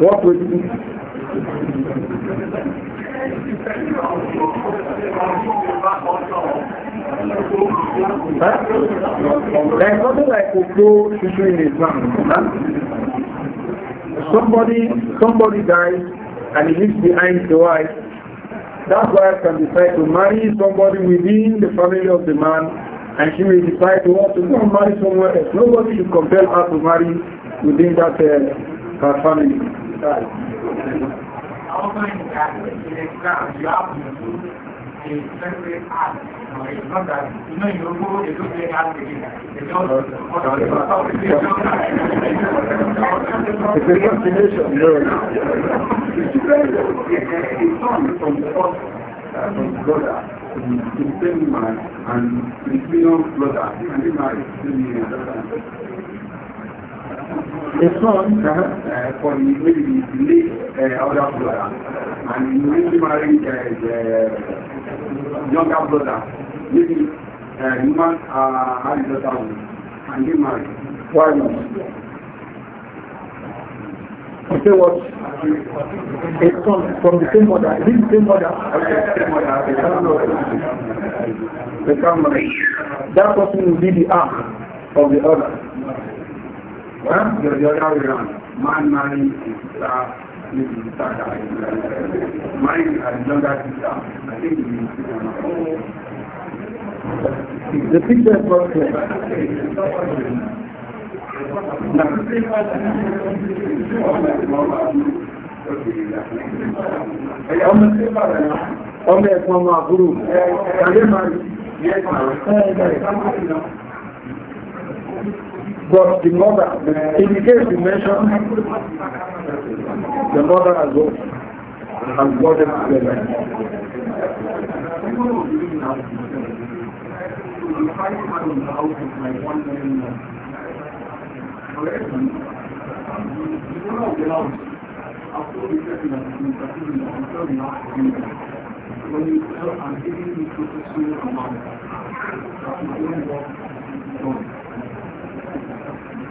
What would be? There is nothing like Oko Shushu in Islam. Somebody, somebody dies and he leaves behind the wife. That wife can decide to marry somebody within the family of the man and she may decide to want to go marry somewhere else. Nobody should compel her to marry within that uh, her family. Also in in Islam, you have to do a separate act in same man and in freedom brother and in marriage same man a son uh, uh, for maybe the late uh, other brother and in marriage uh, the younger brother, maybe uh, woman uh, had a daughter and get married. Why not? You say what? It comes from the same mother. Is it the same mother? Okay, same mother. They can't know. They can't That person will be the arm of the other. Well, the other way around. Man marrying his uh, níbi ìtajà máì àdìlọ́gá títà àti ìlú The picture is not clear. Ọmọ ẹ̀kọ́ ọmọ àbúrò, ẹ̀ẹ́dẹ̀ máa rí. But the mother, in case you mention the mother has what? Has got them together. you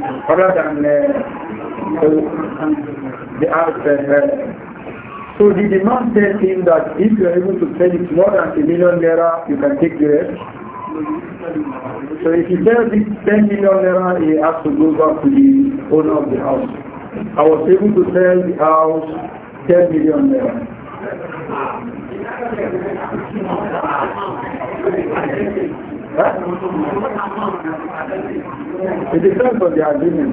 rather than uh, the other, Uh, so did the man tell him that if you are able to sell it more than a million naira, you can take the rest? So if he sells this 10 million naira, he has to go back to the owner of the house. I was able to sell the house 10 million naira. It depends on the agreement.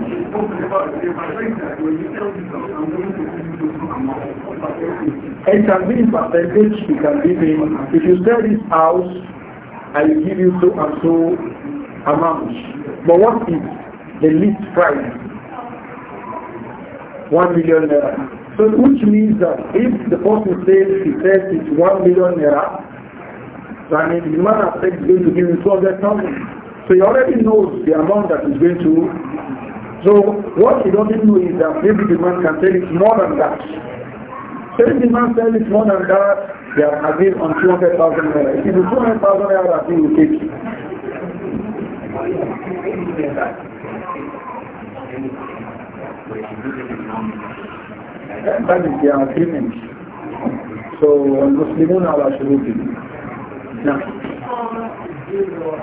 It can be in percentage, It can give him, if you sell this house, I will give you so and so amount. But what is the least price? One million naira. So which means that if the person says he says it's one million naira, I mean, the man has said he's going to give you something, So he already knows the amount that he's going to. So what he doesn't know is that maybe the man can tell it's more than that. So if the man says it's more than that, they are agreed on 200,000 naira. If it's 200,000 naira that he will take. That is their agreement. So, Muslimun ala shuruti. Now. Between employer and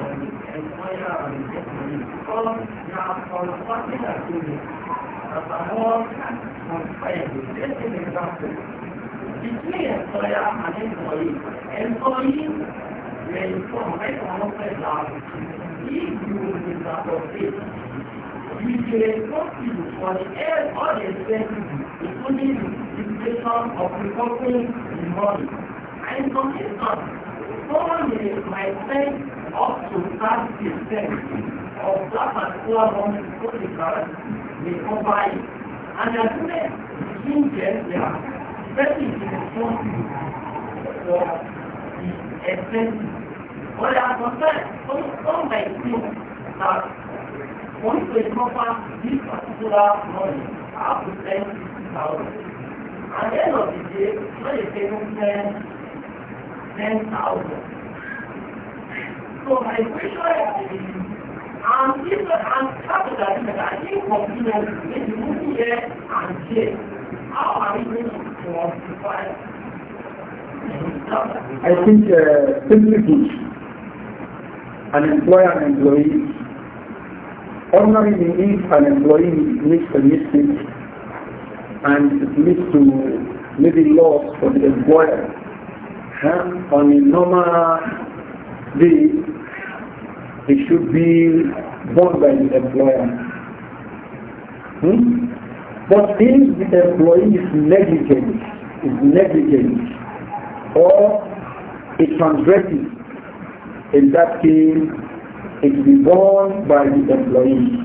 employee, employee may inform economic allowance. If you disapprovate, you will responsible for the air all the expenses, including the implication of recovering the money. And in some instances, someone might up to 30% of that particular money to the current, they come by And the agreement between them, they are spending the responsibility for the expenses. But they are concerned, some, some might think that for you to this particular money, I to spend 50,000. At the end of the day, when you pay 10 10,000. So I think confidence here and here. How are we going to quantify I think uh, simply put, an employer and employee, ordinarily if an employee makes a mistake and it leads to maybe loss for the employer, huh? on a normal day, it should be borne by the employer. Hmm? But if the employee is negligent, is negligent, or is transgressive, in that case, it will be borne by the employee.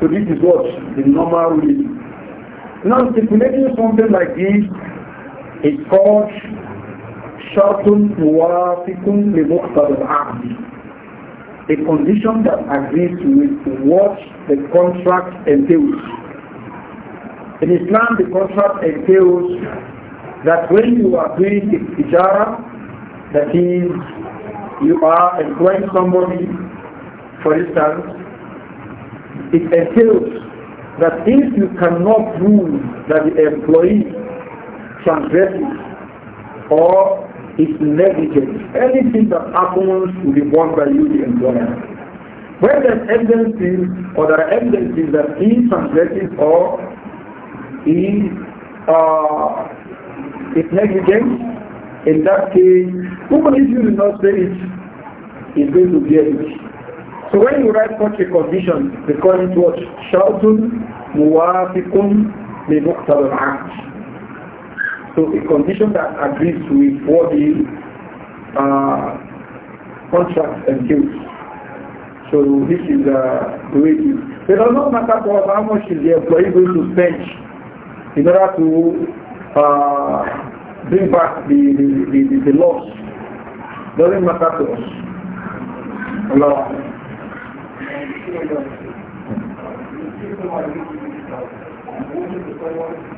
So this is what the normal rule. Now stipulating something like this is called شرط موافق لمقتضى العقد a condition that agrees with what the contract entails. In Islam, the contract entails that when you are doing ijara, that is, you are employing somebody, for instance, it entails that if you cannot prove that the employee transgresses or is negligent. Anything that happens will be one by you, the employer. When there's evidence or there are evidences that he transgresses or he uh, is negligent, in that case, who believes you do not say it is going to a it. So when you write such a condition, according to what? Shawtun muwafiqun li muqtada al so a condition that agrees with what the uh, contract entails. So this is uh, the way it is. It does not matter for us how much is the employee going to spend in order to uh, bring back the, the, the, the, the loss. Doesn't matter to us. Allah. Thank you.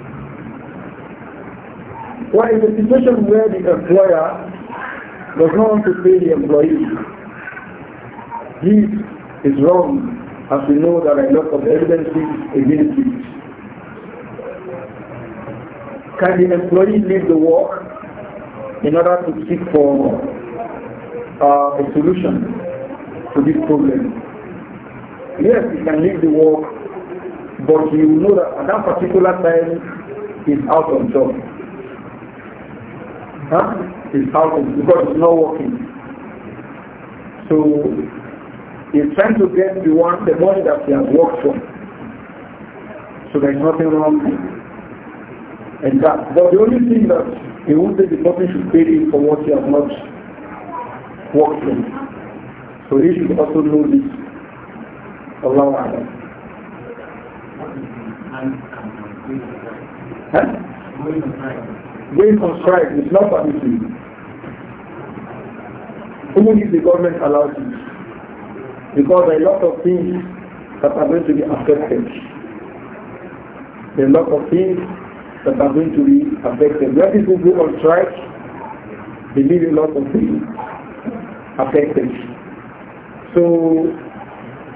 Why in the situation where the employer does not want to pay the employee, this is wrong, as we know there are a lot of evidences against it. Can the employee leave the work in order to seek for uh, a solution to this problem? Yes, he can leave the work, but you know that at that particular time, he's out of job huh? is out because it's not working. So he's trying to get the one the money that he has worked for. So there's nothing wrong in that. But the only thing that he would the company should pay him for what he has not worked for. So he should also know this. Allah Allah. Huh? Going on strike is not permitted. Even if the government allows it. Because a lot of things that are going to be affected. There are a lot of things that are going to be affected. When people go on strike, they leave a lot of things affected. So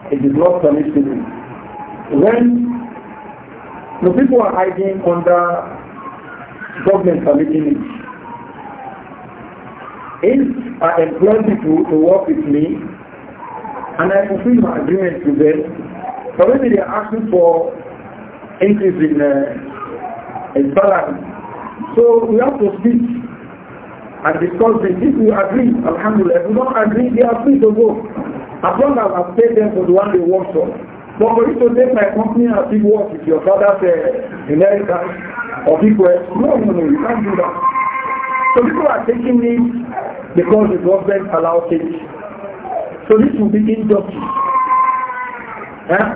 it is not permissible. When the people are hiding under governments are making it. If I employ people to work with me and I fulfill my agreement to them, but maybe they are asking for increase in, uh, in salary. So we have to speak and discuss this. If we agree, alhamdulillah, if we don't agree, they are free to go. As long as I pay them for the one they work for for you to take my company and big work with your father's uh, inheritance or big No, no, no, you can't do that. So people are taking this because the government allows it. So this will be injustice. yeah,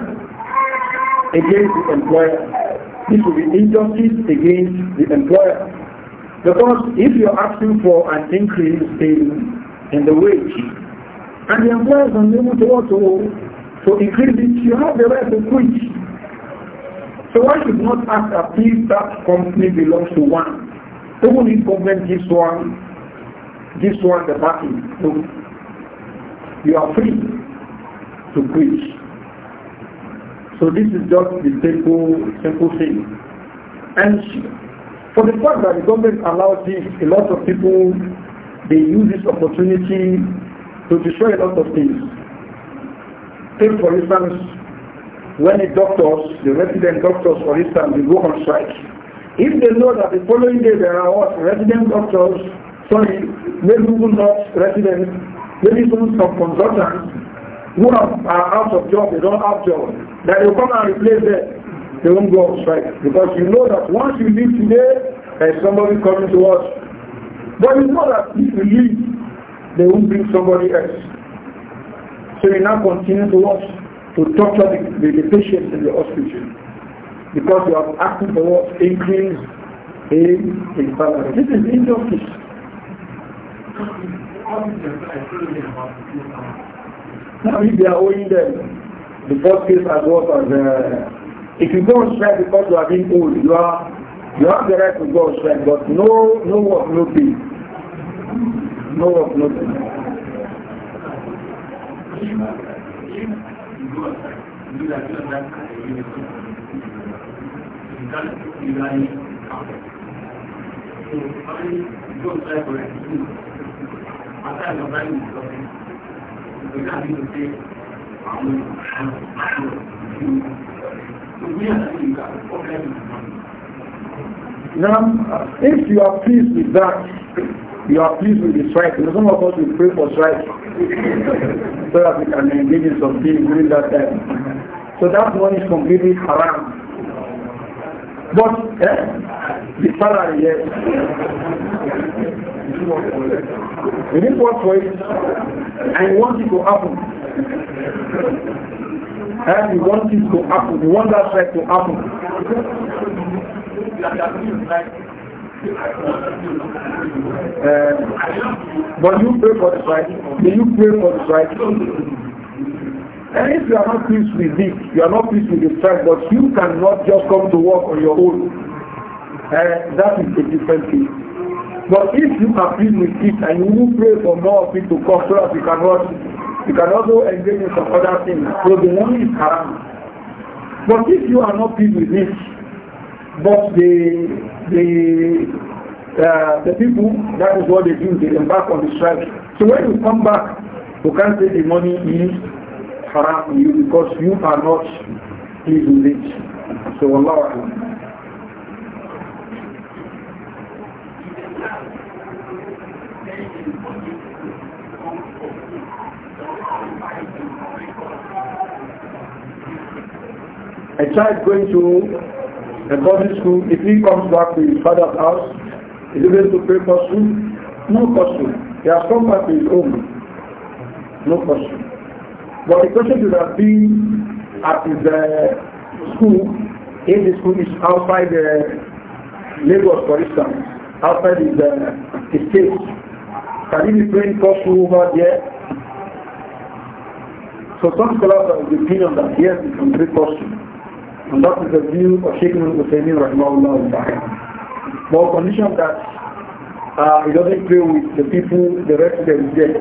Against the employer. This will be injustice against the employer. Because if you're asking for an increase in in the wage, and the employer is unable to So increase it, you have the right to quit. So one should not ask a piece that company belongs to one. Even if government gives one, gives one the backing, to. You are free to quit. So this is just the simple, simple thing. And for the fact that the government allows this, a lot of people, they use this opportunity to destroy a lot of things. Take for instance, when the doctors, the resident doctors for instance, they go on strike. If they know that the following day there are what resident doctors, sorry, maybe even not residents, maybe even some consultants who are, are out of job, they don't have job, that they come and replace them they won't go on strike because you know that once you leave today, there's somebody coming to us. But you know that if you leave, they won't bring somebody else. So we now continue to watch, To torture the, the, the patients in the hospital. Because you are asking for what? Increase in, in salary. This is injustice. Now if they are owing them, the first case as well as uh, if you go on strike because you are being old, you are you have the right to go on strike, but no no work, no pay. No work, no pay. Now, if you are pleased with that, you are pleased with the strike. You know, some of us will pray for strike so that we can engage in some things during that time. So that one is completely haram. But eh, the salary, yes. You didn't work for it and you want it to happen. And eh, you want it to happen. You want that strike to happen. Uh, but you pray for the strike. Then you pray for the strike. And if you are not pleased with this, you are not pleased with the strike, but you cannot just come to work on your own. Uh, that is a different thing. But if you are pleased with it and you will pray for more people to come so that you cannot you can also engage in some other things. So the money is haram. But if you are not pleased with this, But the, the, uh, the people, that is what they do, they embark on the strike. So when you come back, you can't say the money is haram to you because you are not pleased with it. So Allah A child going to A Qadi school, if he comes back to his father's house, is he going to pay for school. No Qasr. He has come back to his home. No Qasr. But the question is that being at his uh, school, if the school is outside the uh, Lagos, for instance, outside his, uh, his state, can he be paying Qasr over there? So some scholars are the opinion that yes, he can be possible. And that is the view of Sheikh Hussein Rahimahullah Ta'ala. But condition that uh, it doesn't play with the people, the residents, of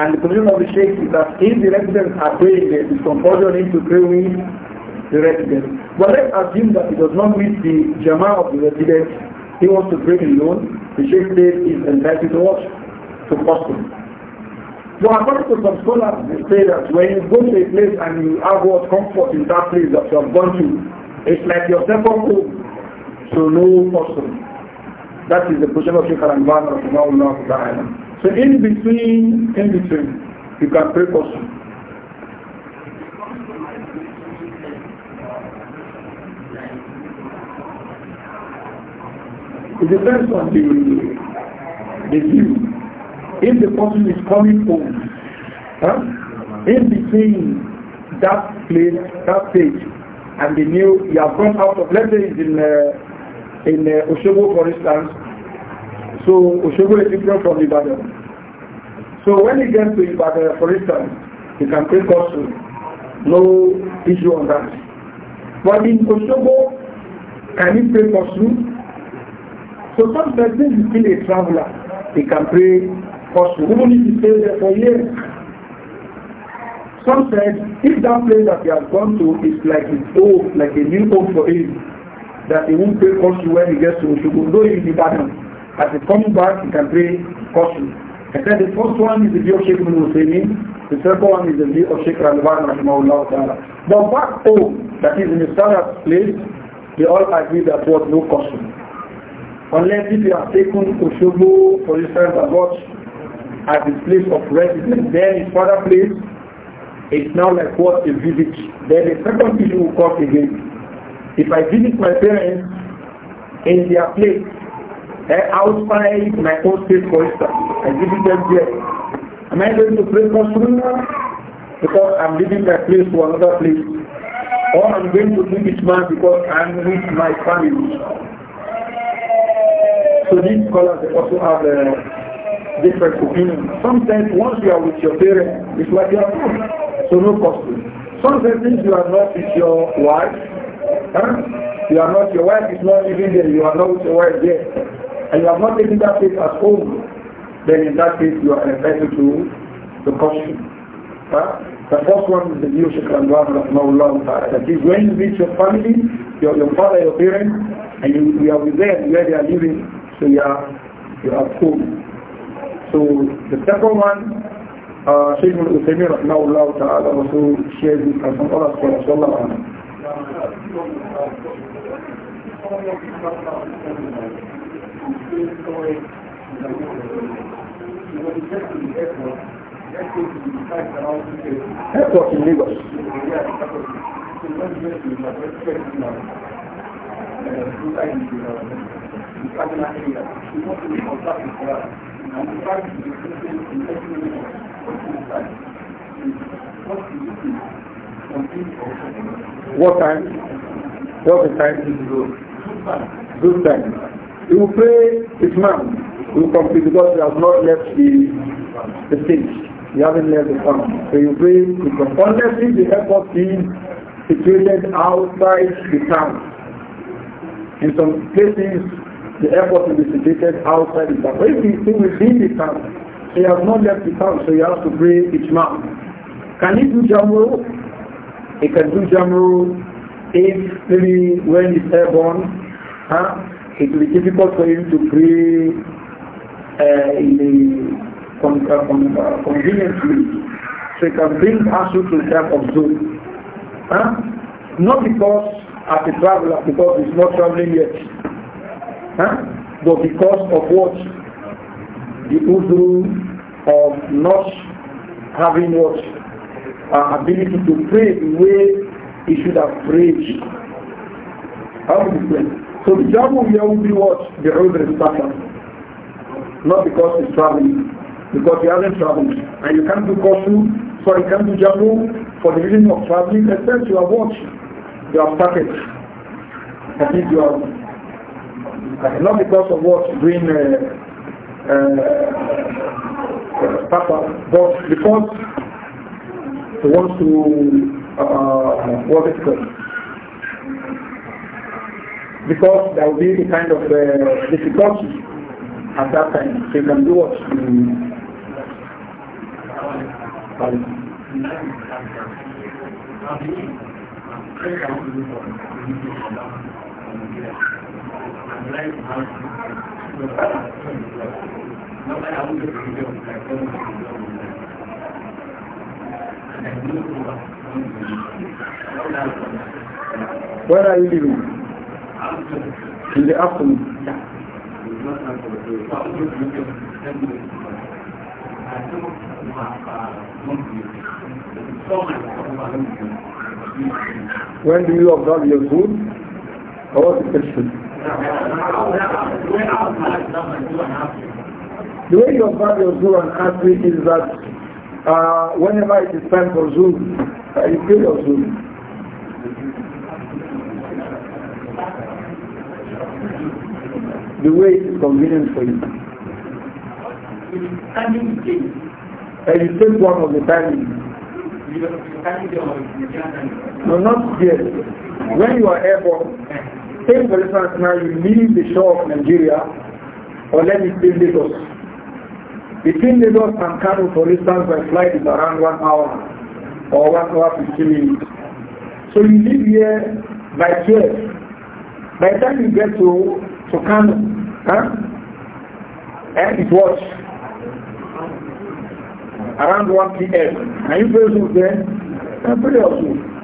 And the position of the Sheikh is that if the residents are praying, it is compulsory to pray with the residents. But let's assume that it does not meet the jama of the residents. He wants to pray alone. The Sheikh says is entitled to watch To him. So according to some scholars, they say that when you go to a place and you have what comfort in that place that you have gone to, it's like your second home to no person. That is the position of Sheikh Al-Anbar Rahimahullah Ta'ala. So in between, in between, you can pray for some. It depends on the, the view if the person is coming home, huh? in between that place, that stage, and the new, you have gone out of, let's say it's in, uh, in uh, Oshobo, for instance, so Oshobo is different from Ibadan. So when you get to Ibadan, for instance, you can pay caution. No issue on that. But in Oshobo, can you pay caution? So some this is still a traveler. He can pray Because we will need to stay there for years. Sometimes, if that place that he has gone to is like his old, like a new home for him, that he won't pay Kosu when he gets to Oshogo, though he is Ibadan. As he comes back, he can pay Kosu. And then the first one is the view Sheikh Ibn Husaymin, the second one is the view of Sheikh Ralvan Rahimahullah Ta'ala. But back home, that is in the Sarat place, they all agree that was no Kosu. Unless if you have taken Oshogo, for instance, as what as the place of residence. Then in other place, it's now like what a visit. Then the second issue will come again. If I visit my parents in their place, eh, outside my own state for instance, I visit them there. Am I going to pray for sunnah? Because I'm leaving my place to another place. Or I'm going to leave this man because I'm with my family. So these scholars also have uh, different opinion. Sometimes once you are with your parents, it's like you are food, so no costume. Sometimes if you are not with your wife, huh? you are not, your wife is not living there, you are not with your wife there, and you are not taken that place at home, then in that case you are entitled to the costume. Huh? The first one is the new Shikran That is when you meet your family, your, your father, your parents, and you, you are with them where they are living, so you are, you are cool. So the second one, uh, Shaykh al-Uthaymeen rahmahullah ta'ala she shares it and some other scholars, Allah Alam. Airport in Lagos. Uh, what time? What is time? Good time. We will pray with man. We will complete because he has not left the, the stage. He hasn't left the farm. So you pray with them. Honestly, the effort is situated outside the town. In some places, the airport will be situated outside the town. But if he's still within the town, he has not left the town, so he has to pray each month. Can he do Jamro? He can do Jamro. if maybe when he's airborne, huh, it will be difficult for him to pray uh, in the con uh, con uh, So he can bring Asu to the camp of Zul. Huh? Not because as a traveler, because he's not traveling yet. Huh? But because of what? The uzru of not having what? Uh, ability to pray the way he should have prayed. How do you pray? So the job of Yahudi what? The uzru is Not because he's traveling. Because he hasn't traveled. And you can't do koshu, so you can't do jamu for the reason of traveling, except you are watched. You are started. That means you are not because of what green uh, uh, Papa, but because he wants to uh, uh what is called. Because there will be the kind of uh, difficulty at that time. So you can do what you um, Where are you living? In the afternoon. When do you observe your food? Or what is the question? The way you observe your zoo and country is that uh, whenever it is time for zoo, uh, you kill your zoo. The way it is convenient for you. And you take one of the timing. No, not yet. When you are airborne, same for instance now you leave the shore of Nigeria or let me say Lagos. Between Lagos and Kano for instance my flight is around one hour or one hour fifteen minutes. So you leave here by twelve. By the time you get to to Kano, huh? And eh, it was around 1 p.m. Are you present there? I'm pretty awesome.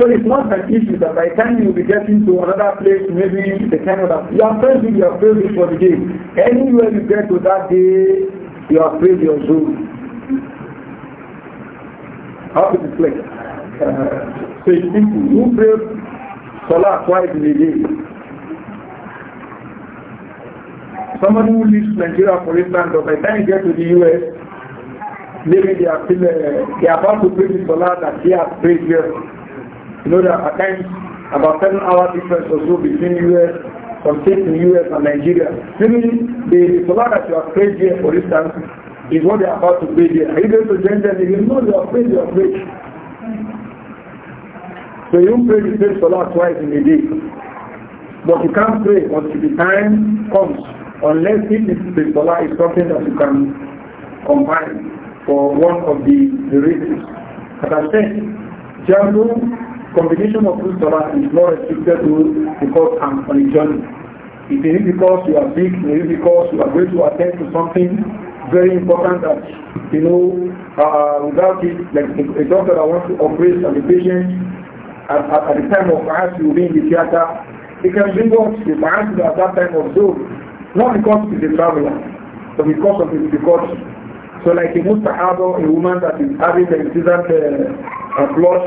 So it's not an issue that by the time you'll be getting to another place, maybe the Canada, you are friends with your favorite for the day. Anywhere you get to that day, you are praised your soul. How to display? Uh, so it's simple. You pray Salah twice in a day. Somebody who leaves Nigeria, for instance, or by the time you get to the US, maybe they are still, uh, they are about to pray the Salah that they have prayed here. You know that at times about seven hour difference or so between US, some states in US and Nigeria. Meaning the, the solar that you are prayed here, for instance, is what they are about to pray here. Are you going to join them? If you know they are prayed, they are So you don't pray the same solar twice in a day. But you can't pray until the time comes, unless if the solar is something that you can combine for one of the, the reasons. As I said, Jamu combination of two salah is not restricted to because I'm on a journey. It may be because you are big, maybe because you are going to attend to something very important that, you know, uh, without it, like a doctor that wants to operate on the patient at, at, at the time of perhaps you will be in the theater, it can bring us the perhaps at that time of Zoom, not because he's a traveler, but because of his because. So like a mustahaba, a woman that is having the incessant uh, flush,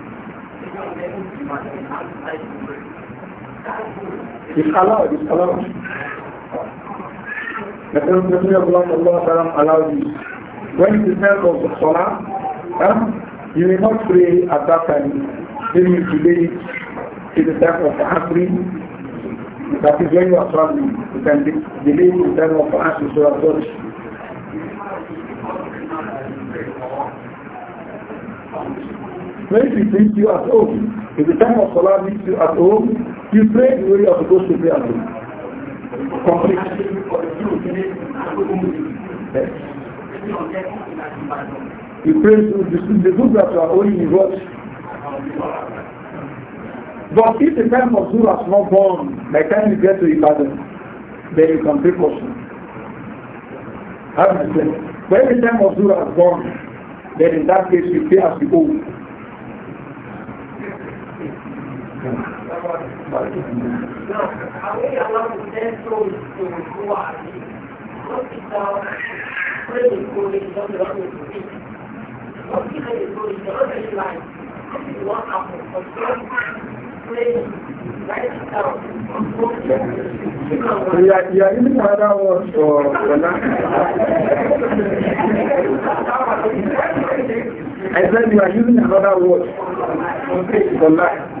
Disallowed, disallowed. The Prophet of Allah allowed this. When you smell of the Salah, you may not pray at that time. Then, you delay it the time of Asri. That is when you are traveling. You can delay the time of Asri so as well. Thank you. When he brings you at home, if the time of Salah meets you at home, you pray the way you are supposed to pray at home. Complete. Yes. You pray to the, the group that you are only in what? But if the time of Zura is not gone, by the time you get to the garden, then you can pray for Zul. When the time of Zura is gone, then in that case you pray as you go. Are we allowed to send souls are What is our for life? This is I said you are using another word for life.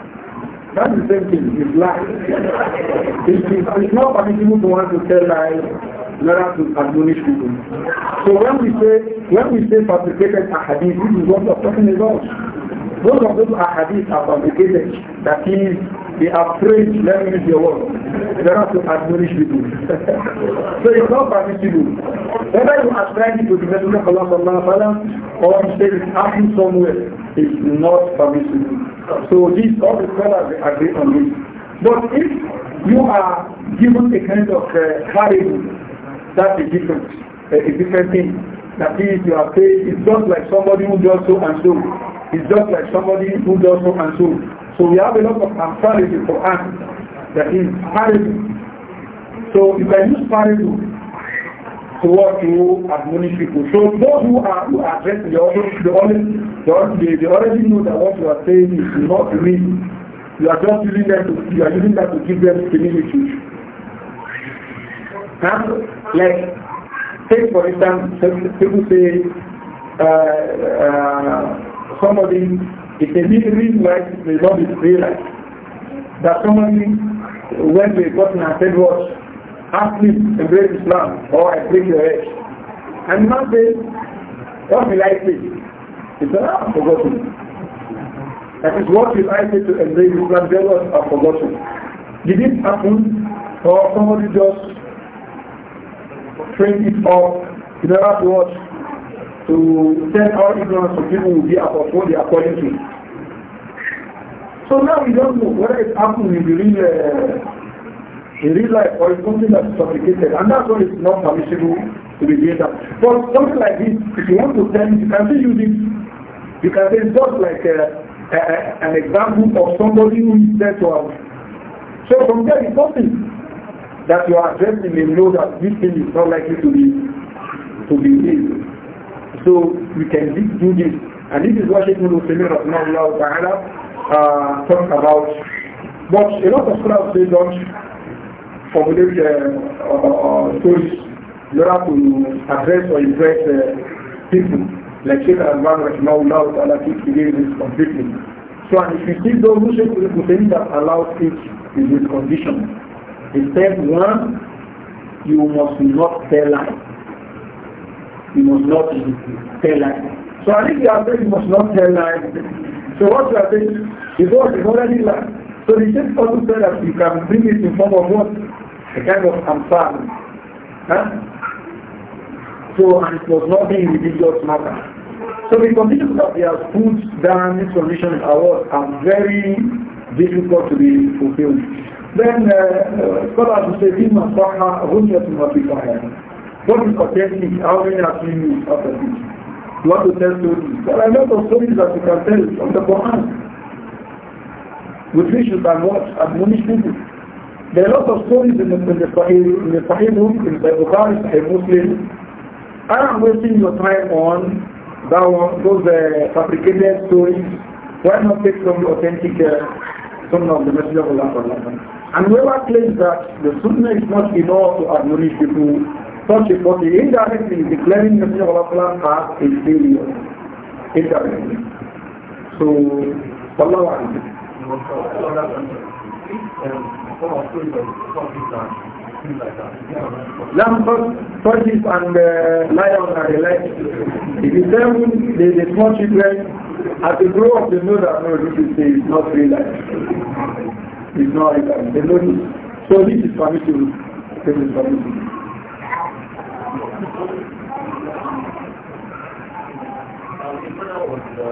That's the same thing, it's lie. It, it, it's not permissible to want to tell lies in order to admonish people. So when we say, when we say fabricated ahadith, this is what we are talking about. Most of those ahadith are fabricated. That is, they are praised, let me use your word, in order to admonish people. so it's not permissible. Whether you are trying to the Messenger of Allah or you say it's happening somewhere, it's not permissible. So these all the scholars agree on this. But if you are given a kind of uh, caribou, that's a different, uh, a different thing. That is, you are paid, it's just like somebody who does so and so. It's just like somebody who does so and so. So we have a lot of authority for us. That is parable. So if I use parable, To what you admonish people. So those who are who are addressing the audience, the audience, the audience they, already know that what you are saying is not real. You are just using them to you are using that to give them similitude. Now, like take for instance, people say uh, uh, somebody it's a real life may not be real life. That somebody when they got an said what Asleep, embrace Islam, or I break your head. And man say, what will I say? He said, ah, I've forgotten. That is what will I say to embrace Islam? They were I've forgotten. Did it happen? Or somebody just trained it up in order to what? To tell how ignorance of people will be about what they are calling to. So now we don't know whether it happened in the real uh, in real life or it's something that's complicated. And that's why it's not permissible to be doing that. But something like this, if you want to tell you can still use it. You can say it's just like a, uh, a, uh, uh, an example of somebody who is said to have. So from there, it's something that you are addressing and know that this thing is not likely to be to be used. So we can do this. And this is what Sheikh Mulu Semir Ta'ala uh, talked about. But a lot of scholars say don't formulate uh, or, or stories in order to address or impress uh, people. Like Sheikh Al-Ban Rahimahullah Ta'ala keeps giving this completely. So and if you see those who Sheikh Hussein that allows it in this condition, the step one, you must not tell lies. You must not tell lies. So I think the other you must not tell lies. So what you are saying is what is already so the Sheikh also said that you can bring it in form of what? A kind of amsal. Huh? So, and it was not a religious matter. So we conditions that they have put down, these conditions are, very difficult to be fulfilled. Then, uh, uh, scholars uh, say, "Him and Saha, not be Matifaha. What is authentic? How many have been used after this? You want to tell stories? There are a lot of stories that you can tell from the Quran with which you what? Admonish people. There are a lot of stories in the, in the Sahih, in the Sahih book, in the Bukhari, Sahih Muslim. I am wasting your time on that one, those uh, fabricated stories. Why not take some authentic uh, Sunnah of the Messenger of Allah? And whoever claims that the Sunnah is not enough to admonish people, such a person indirectly declaring the Messenger of Allah as a failure. Indirectly. So, Allah Alaihi Lamb, tortoise and uh, lion are alike. If you tell them they, they small children, as they grow up they know that no, this is not real life. It's not real life. They know this. So this is permissible. This is permissible. Uh,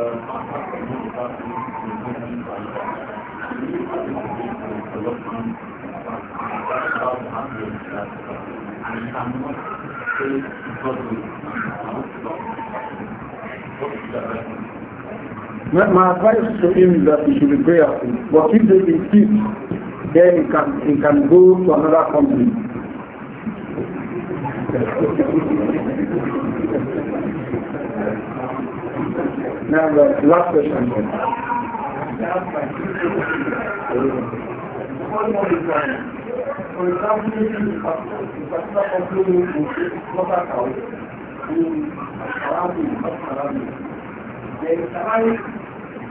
My advice to him is that he should be prayerful. But if they insist, then he can, he can go to another company. now the last question. One more for example, if you particular company is not account in Arabi, not Arabi, then can I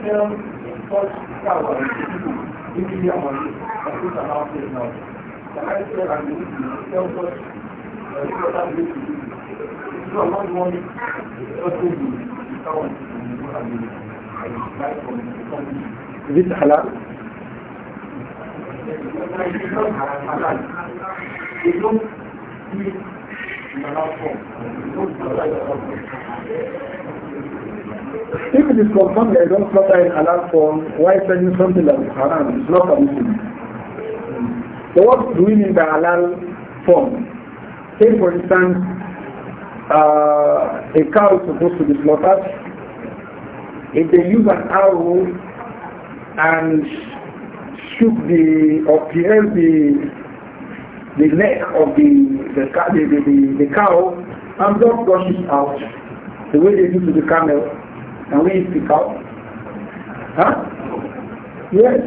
sell such cow and give me your money and put an outfit now? Can I sell and sell such uh, product to you? If you are not money, just to you, you can't, you can't, you can't, you can't, you can't, you can't, you can't, you can't, you can't, you can't, you can't, you can't, you can't, you can't, you can't, you can't, you can't, you If it is confirmed that I don't slaughter in halal form, why send you something that is haram It's not permissible? So what do we mean by halal form? Say for instance, uh, a cow is supposed to be slaughtered. If they use an arrow and shoot the or pierce the the neck of the the the, the, the, the cow and blood it out the way they do to the camel and we eat the cow. Huh? Yes.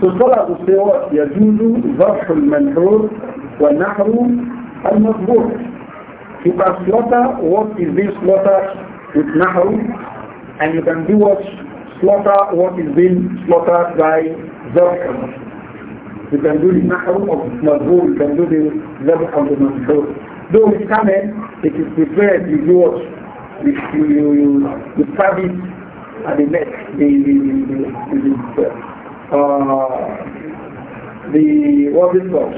So scholars will say what? يجوز ذبح المنحور والنحر المذبوح. You can slaughter what is being slaughtered with nahru and you can do what slaughter what is being slaughtered by Zarkam. You can do the mahrum of Mazhul, you can do the Zabh of the Though it's coming, it is prepared, you do You, you, you, you stab it at the neck, the, the, the, the, uh, the what is called?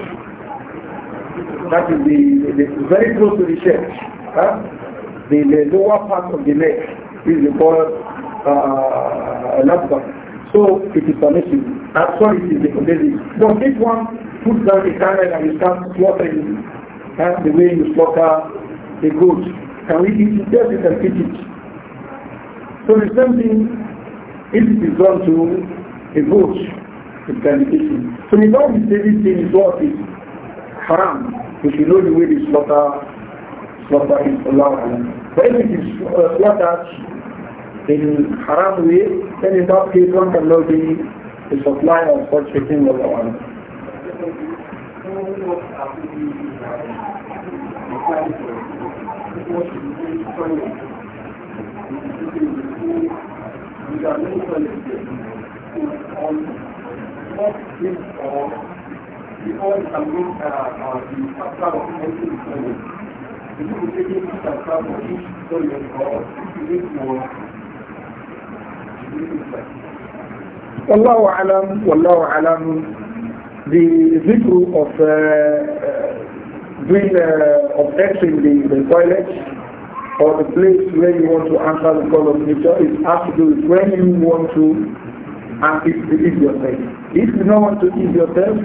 That is the, the, the, very close to the chest. Huh? The, the lower part of the neck is the called uh, laptop. So it is permissible. That's why it is recommended. But this one puts down the camera and you start slaughtering uh, the way you slaughter the goat, can we eat it? Yes, you can eat it. So the same thing, if it is done to a goat, it can be eaten. So the know is everything is what is haram. We should know the way the slaughter, slaughter is allowed. But if it is uh, slaughtered, in haram way, then in that case one can know the, the supply of such a thing of Allah. Thank you. Wallahu alam, wallahu alam, the ritual of uh, uh, doing, uh, of entering the, the toilet or the place where you want to answer the call of nature is has to do with when you want to and if eat yourself. If you don't want to eat yourself,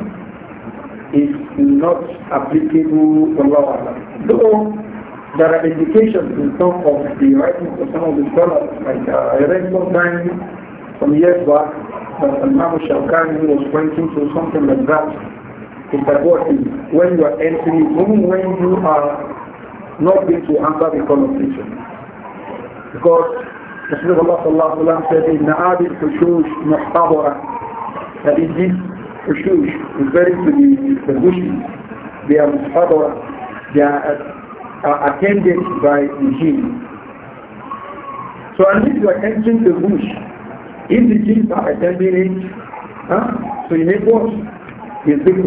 it's not applicable, wallahu alam. Though there are indications in some of the writings of some of the scholars, like uh, I read sometime some years back that Imam Shalkani was pointing to something like that. It's like when you are entering, even when you are not going to answer the conversation. Because Rasulullah sallallahu alayhi wa sallam said, إِنَّ عَادِ الْحُشُوشِ مُحْتَبَرَةً That is this hushush, referring to the, the bushes, they are muhtabara, they are are attended by the jinn. So unless you are entering the bush, if the jinn are attending it, huh? so you make what? You think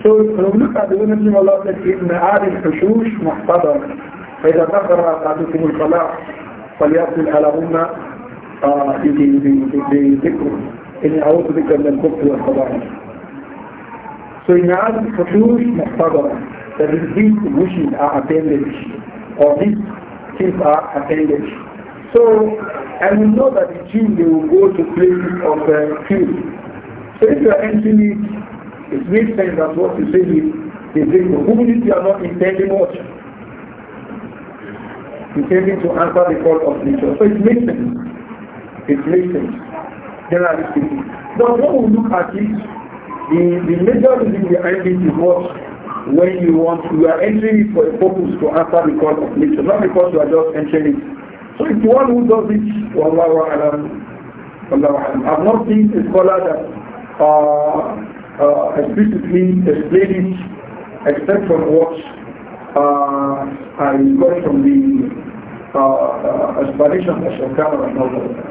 So when we look at the women of Allah that in آل الحشوش محتضر فإذا ذكر أحدكم الصلاة فليصل علىهن بذكر إني أعوذ بك من الكفر والخبائث So in Arab, Fuhush Muqtadara, that is these wishes are appendage, or these things are appendage. So, and we know that the Jews, they will go to places of uh, food. So if you are entering it, it makes sense that what you say is, they say, even if you are not intending what? Intending to answer the call of nature. So it makes sense. It makes sense, generally speaking. when we look at it, the, the major reason behind it is what when you want, you are entering it for a purpose to answer the call of nature, not because you are just entering it. So if one who does it, Wallahu alam, Wallahu alam. I've not seen a scholar that uh, uh, explicitly explained it, except from what uh, I got from the uh, uh, explanation of the and all that.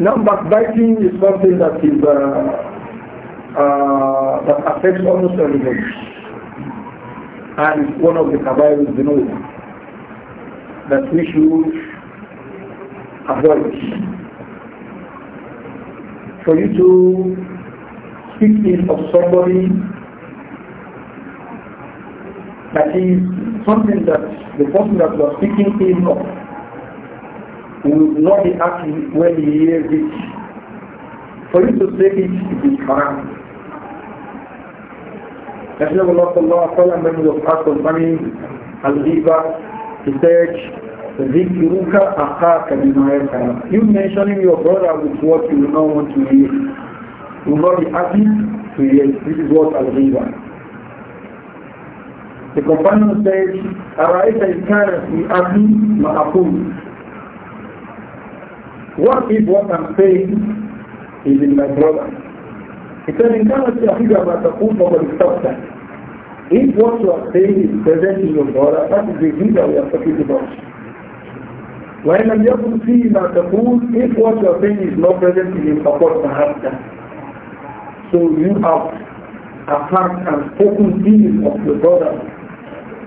Now backbiting is something that is uh, uh, that affects almost everybody. And one of the kabair you know that we should avoid. For you to speak in of somebody that is something that the person that you are speaking is of will not be happy when he hears it. For you to say it, it is haram. Messenger of Allah sallallahu alaihi wasallam when he was asked concerning al-riba, he said, ذِكْرُكَ أَخَاكَ بِمَا يَكَرَ You mentioning your brother with what you now want to hear. You will not be happy to hear. This is what al-riba. The companion said, أَرَأَيْتَ إِنْ كَانَ فِي أَخِي مَا أَقُولُ what if what I'm saying is in my brother? It said, in Kana Shahida Matakun for the that. If what you are saying is present in your brother, that is the thing we are talking about. When I'm able to see food, if what you are saying is not present in your support, perhaps So you have attacked and spoken things of your brother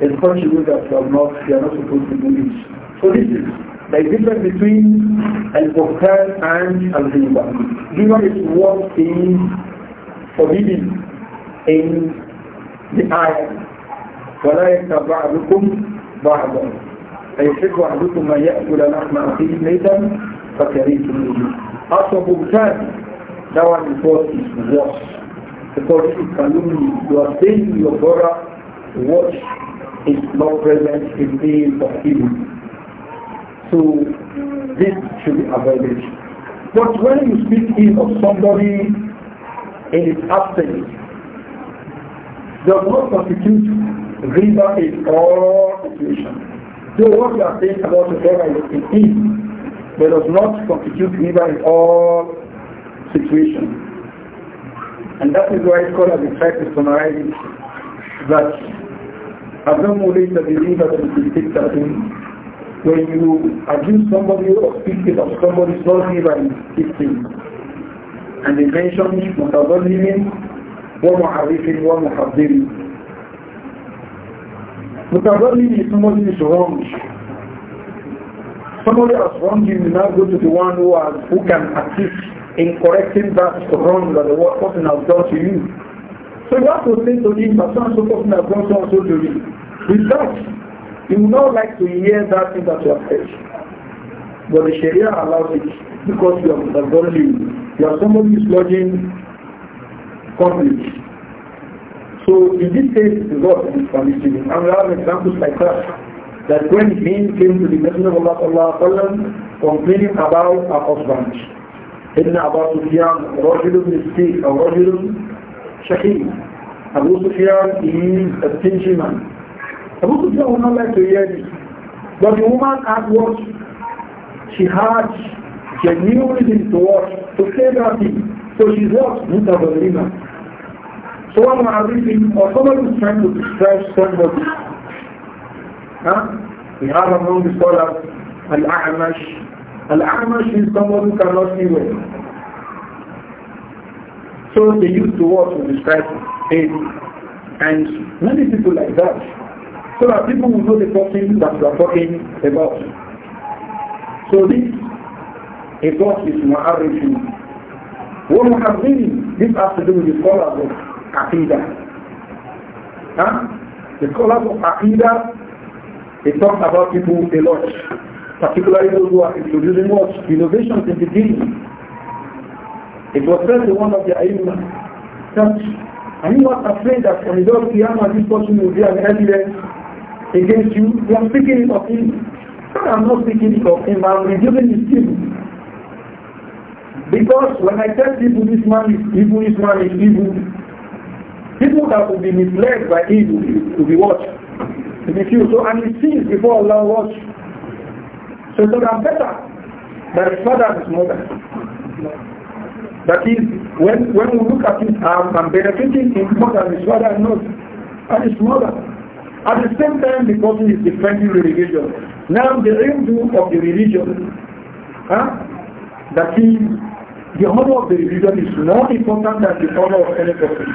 in such a way that you are not, you are not supposed to do it. So this is the difference between al quran and al-riba. Riba is what is forbidden in the ayah. ولا يكتب بعضكم بعضا فيحب أحدكم أن يأكل لحم أخيه ميتا فكرهتموه. Also buhtan, that one is what is worse. Because it calumny, you are saying your brother what is not present in the of so this should be avoided. But when you speak ill of somebody in his absence, does not constitute riba in all situations. So what you are saying about the devil is in but does not constitute riba in all situations. And that is why scholars in fact to summarize it that أظن ليس بريبة في الفتة when you accuse somebody or speak it of somebody body by speaking. And they mentioned متظلم one ومحذر. متظلم is somebody who is wrong. Somebody has wronged you, you now go to the one who, has, who can assist in correcting that wrong that the person has done to you. So you have to say to him that so and so person has done so and to you. With that, You would not like to hear that thing that you have heard, But the Sharia allows it because you are lodging. You are somebody who is lodging conflict. So in this case, the God is permissible. And we have examples like that. That when he came to the Messenger of Allah وسلم, complaining about a husband, the young, Sufyan, رجل مسكين أو رجل شقي. Abu Sufyan is a stingy man of Sufyan would not like to hear this. But the woman had what? She had genuine reason to what? To say that thing. So she's what? Mutabalima. So one of reading, or somebody is trying to describe somebody. Huh? We have among the scholars Al-A'mash. Al-A'mash is someone who cannot see well. So they use to word to describe it. And many people like that. so that people will know the person that you are talking about. So this a God is Muharrifin. What we have been, this has to do with the scholars of akida. Huh? The scholars of akida, it talks about people a lot, particularly those who are introducing what? Innovations in the deen. It was said to one of the Ayyuma that, Are you not afraid that when the day of Qiyamah this person will be an evidence against you, you are speaking of him. I'm not speaking of him, but I'm reducing his evil. Because when I tell people this man is evil, this man is evil, people that will be misled by evil will be watched. Will be few. So, and he sees before Allah watch. So, so I'm better than his father and his mother. That is, when, when we look at it, I'm, I'm benefiting him more than his father not, and his mother. At the same time, the person is defending religion. Now, the aim of the religion, huh? that is, the honor of the religion is more important than the honor of any person.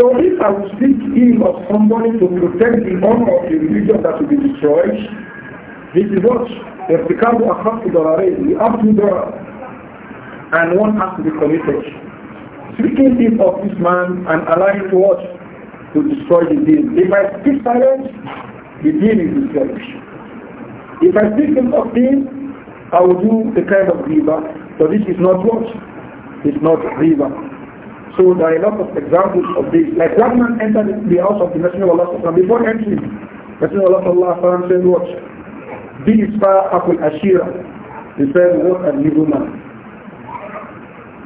So if I would speak ill of somebody to protect the honor of the religion that will be destroyed, this is what ارتكاب أخف ضررين لأرض ضرر and one has to be committed. Speaking ill of this man and allowing to watch, to destroy the deal. If I speak silence, the deal is established. If I speak of deen, I will do the kind of river. So this is not what? It's not river. So there are a lot of examples of this. Like one man entered the house of the Messenger of Allah Sallallahu before entering. Messenger of Allah Sallallahu said what? This is far Akul Ashira. He said, what an evil man.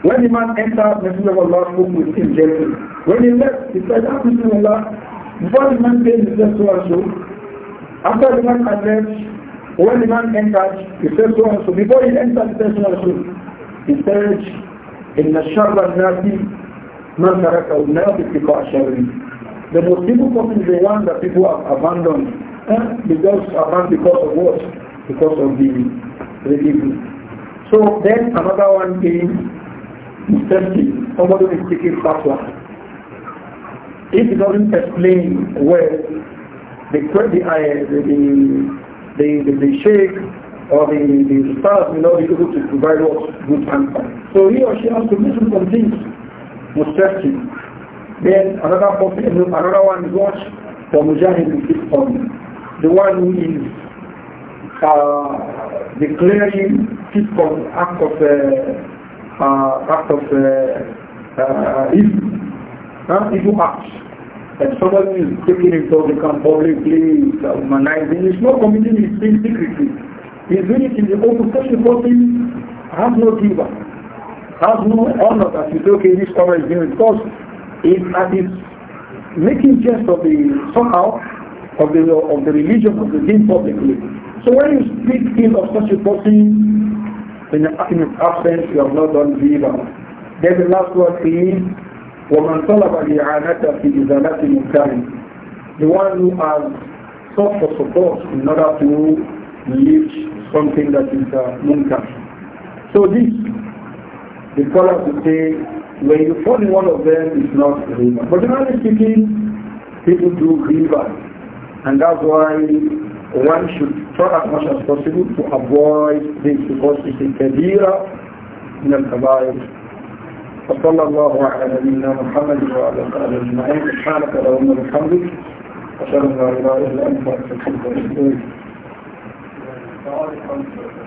When the man entered, Messenger of Allah spoke with him gently. When he left, he said, Ah, Messenger of Allah, before the man came, he said so and so. After the man had left, when the man entered, he said so and so. Before he entered, he said so and so. He said, إن Man الناس من never be people شره. The most people coming is the one that people have abandoned. Eh? Because abandoned because of what? Because of the, religion. So then another one came Mustafti, somebody is taking fatwa. If it doesn't explain where the uh, the the the, the, the sheikh or the, the stars. will not be able to provide us good answer. So he or she has to listen some things, Mustafti. Then another person, another one is what? The Mujahid is on. The one who is uh, declaring people act of uh, uh, act of uh, evil, uh, acts. If somebody is taking it they can publicly, humanize humanizing, He's not committing his sin secretly. He's doing it in the open such a person has no giver, has no honor that he's say, okay, this cover is doing it because it is making jest of the somehow of the of the religion of the deen publicly. So when you speak ill of such a person, in, in his absence you have not done riba. Then the last word is the طَلَبَ الْإِعَانَةَ فِي إِزَالَةِ مُنْكَرٍ The one who has sought for support in order to reach something that is uh, munkar. So this, the scholars would say, when you fall in one of them, it's not riba. But generally speaking, people do riba. And that's why one should try as much as possible to avoid this because it's a kabira من الكبائر وصلى الله على نبينا محمد وعلى اله اجمعين سبحانك اللهم وبحمدك اشهد ان لا اله الا انت استغفرك واتوب اليك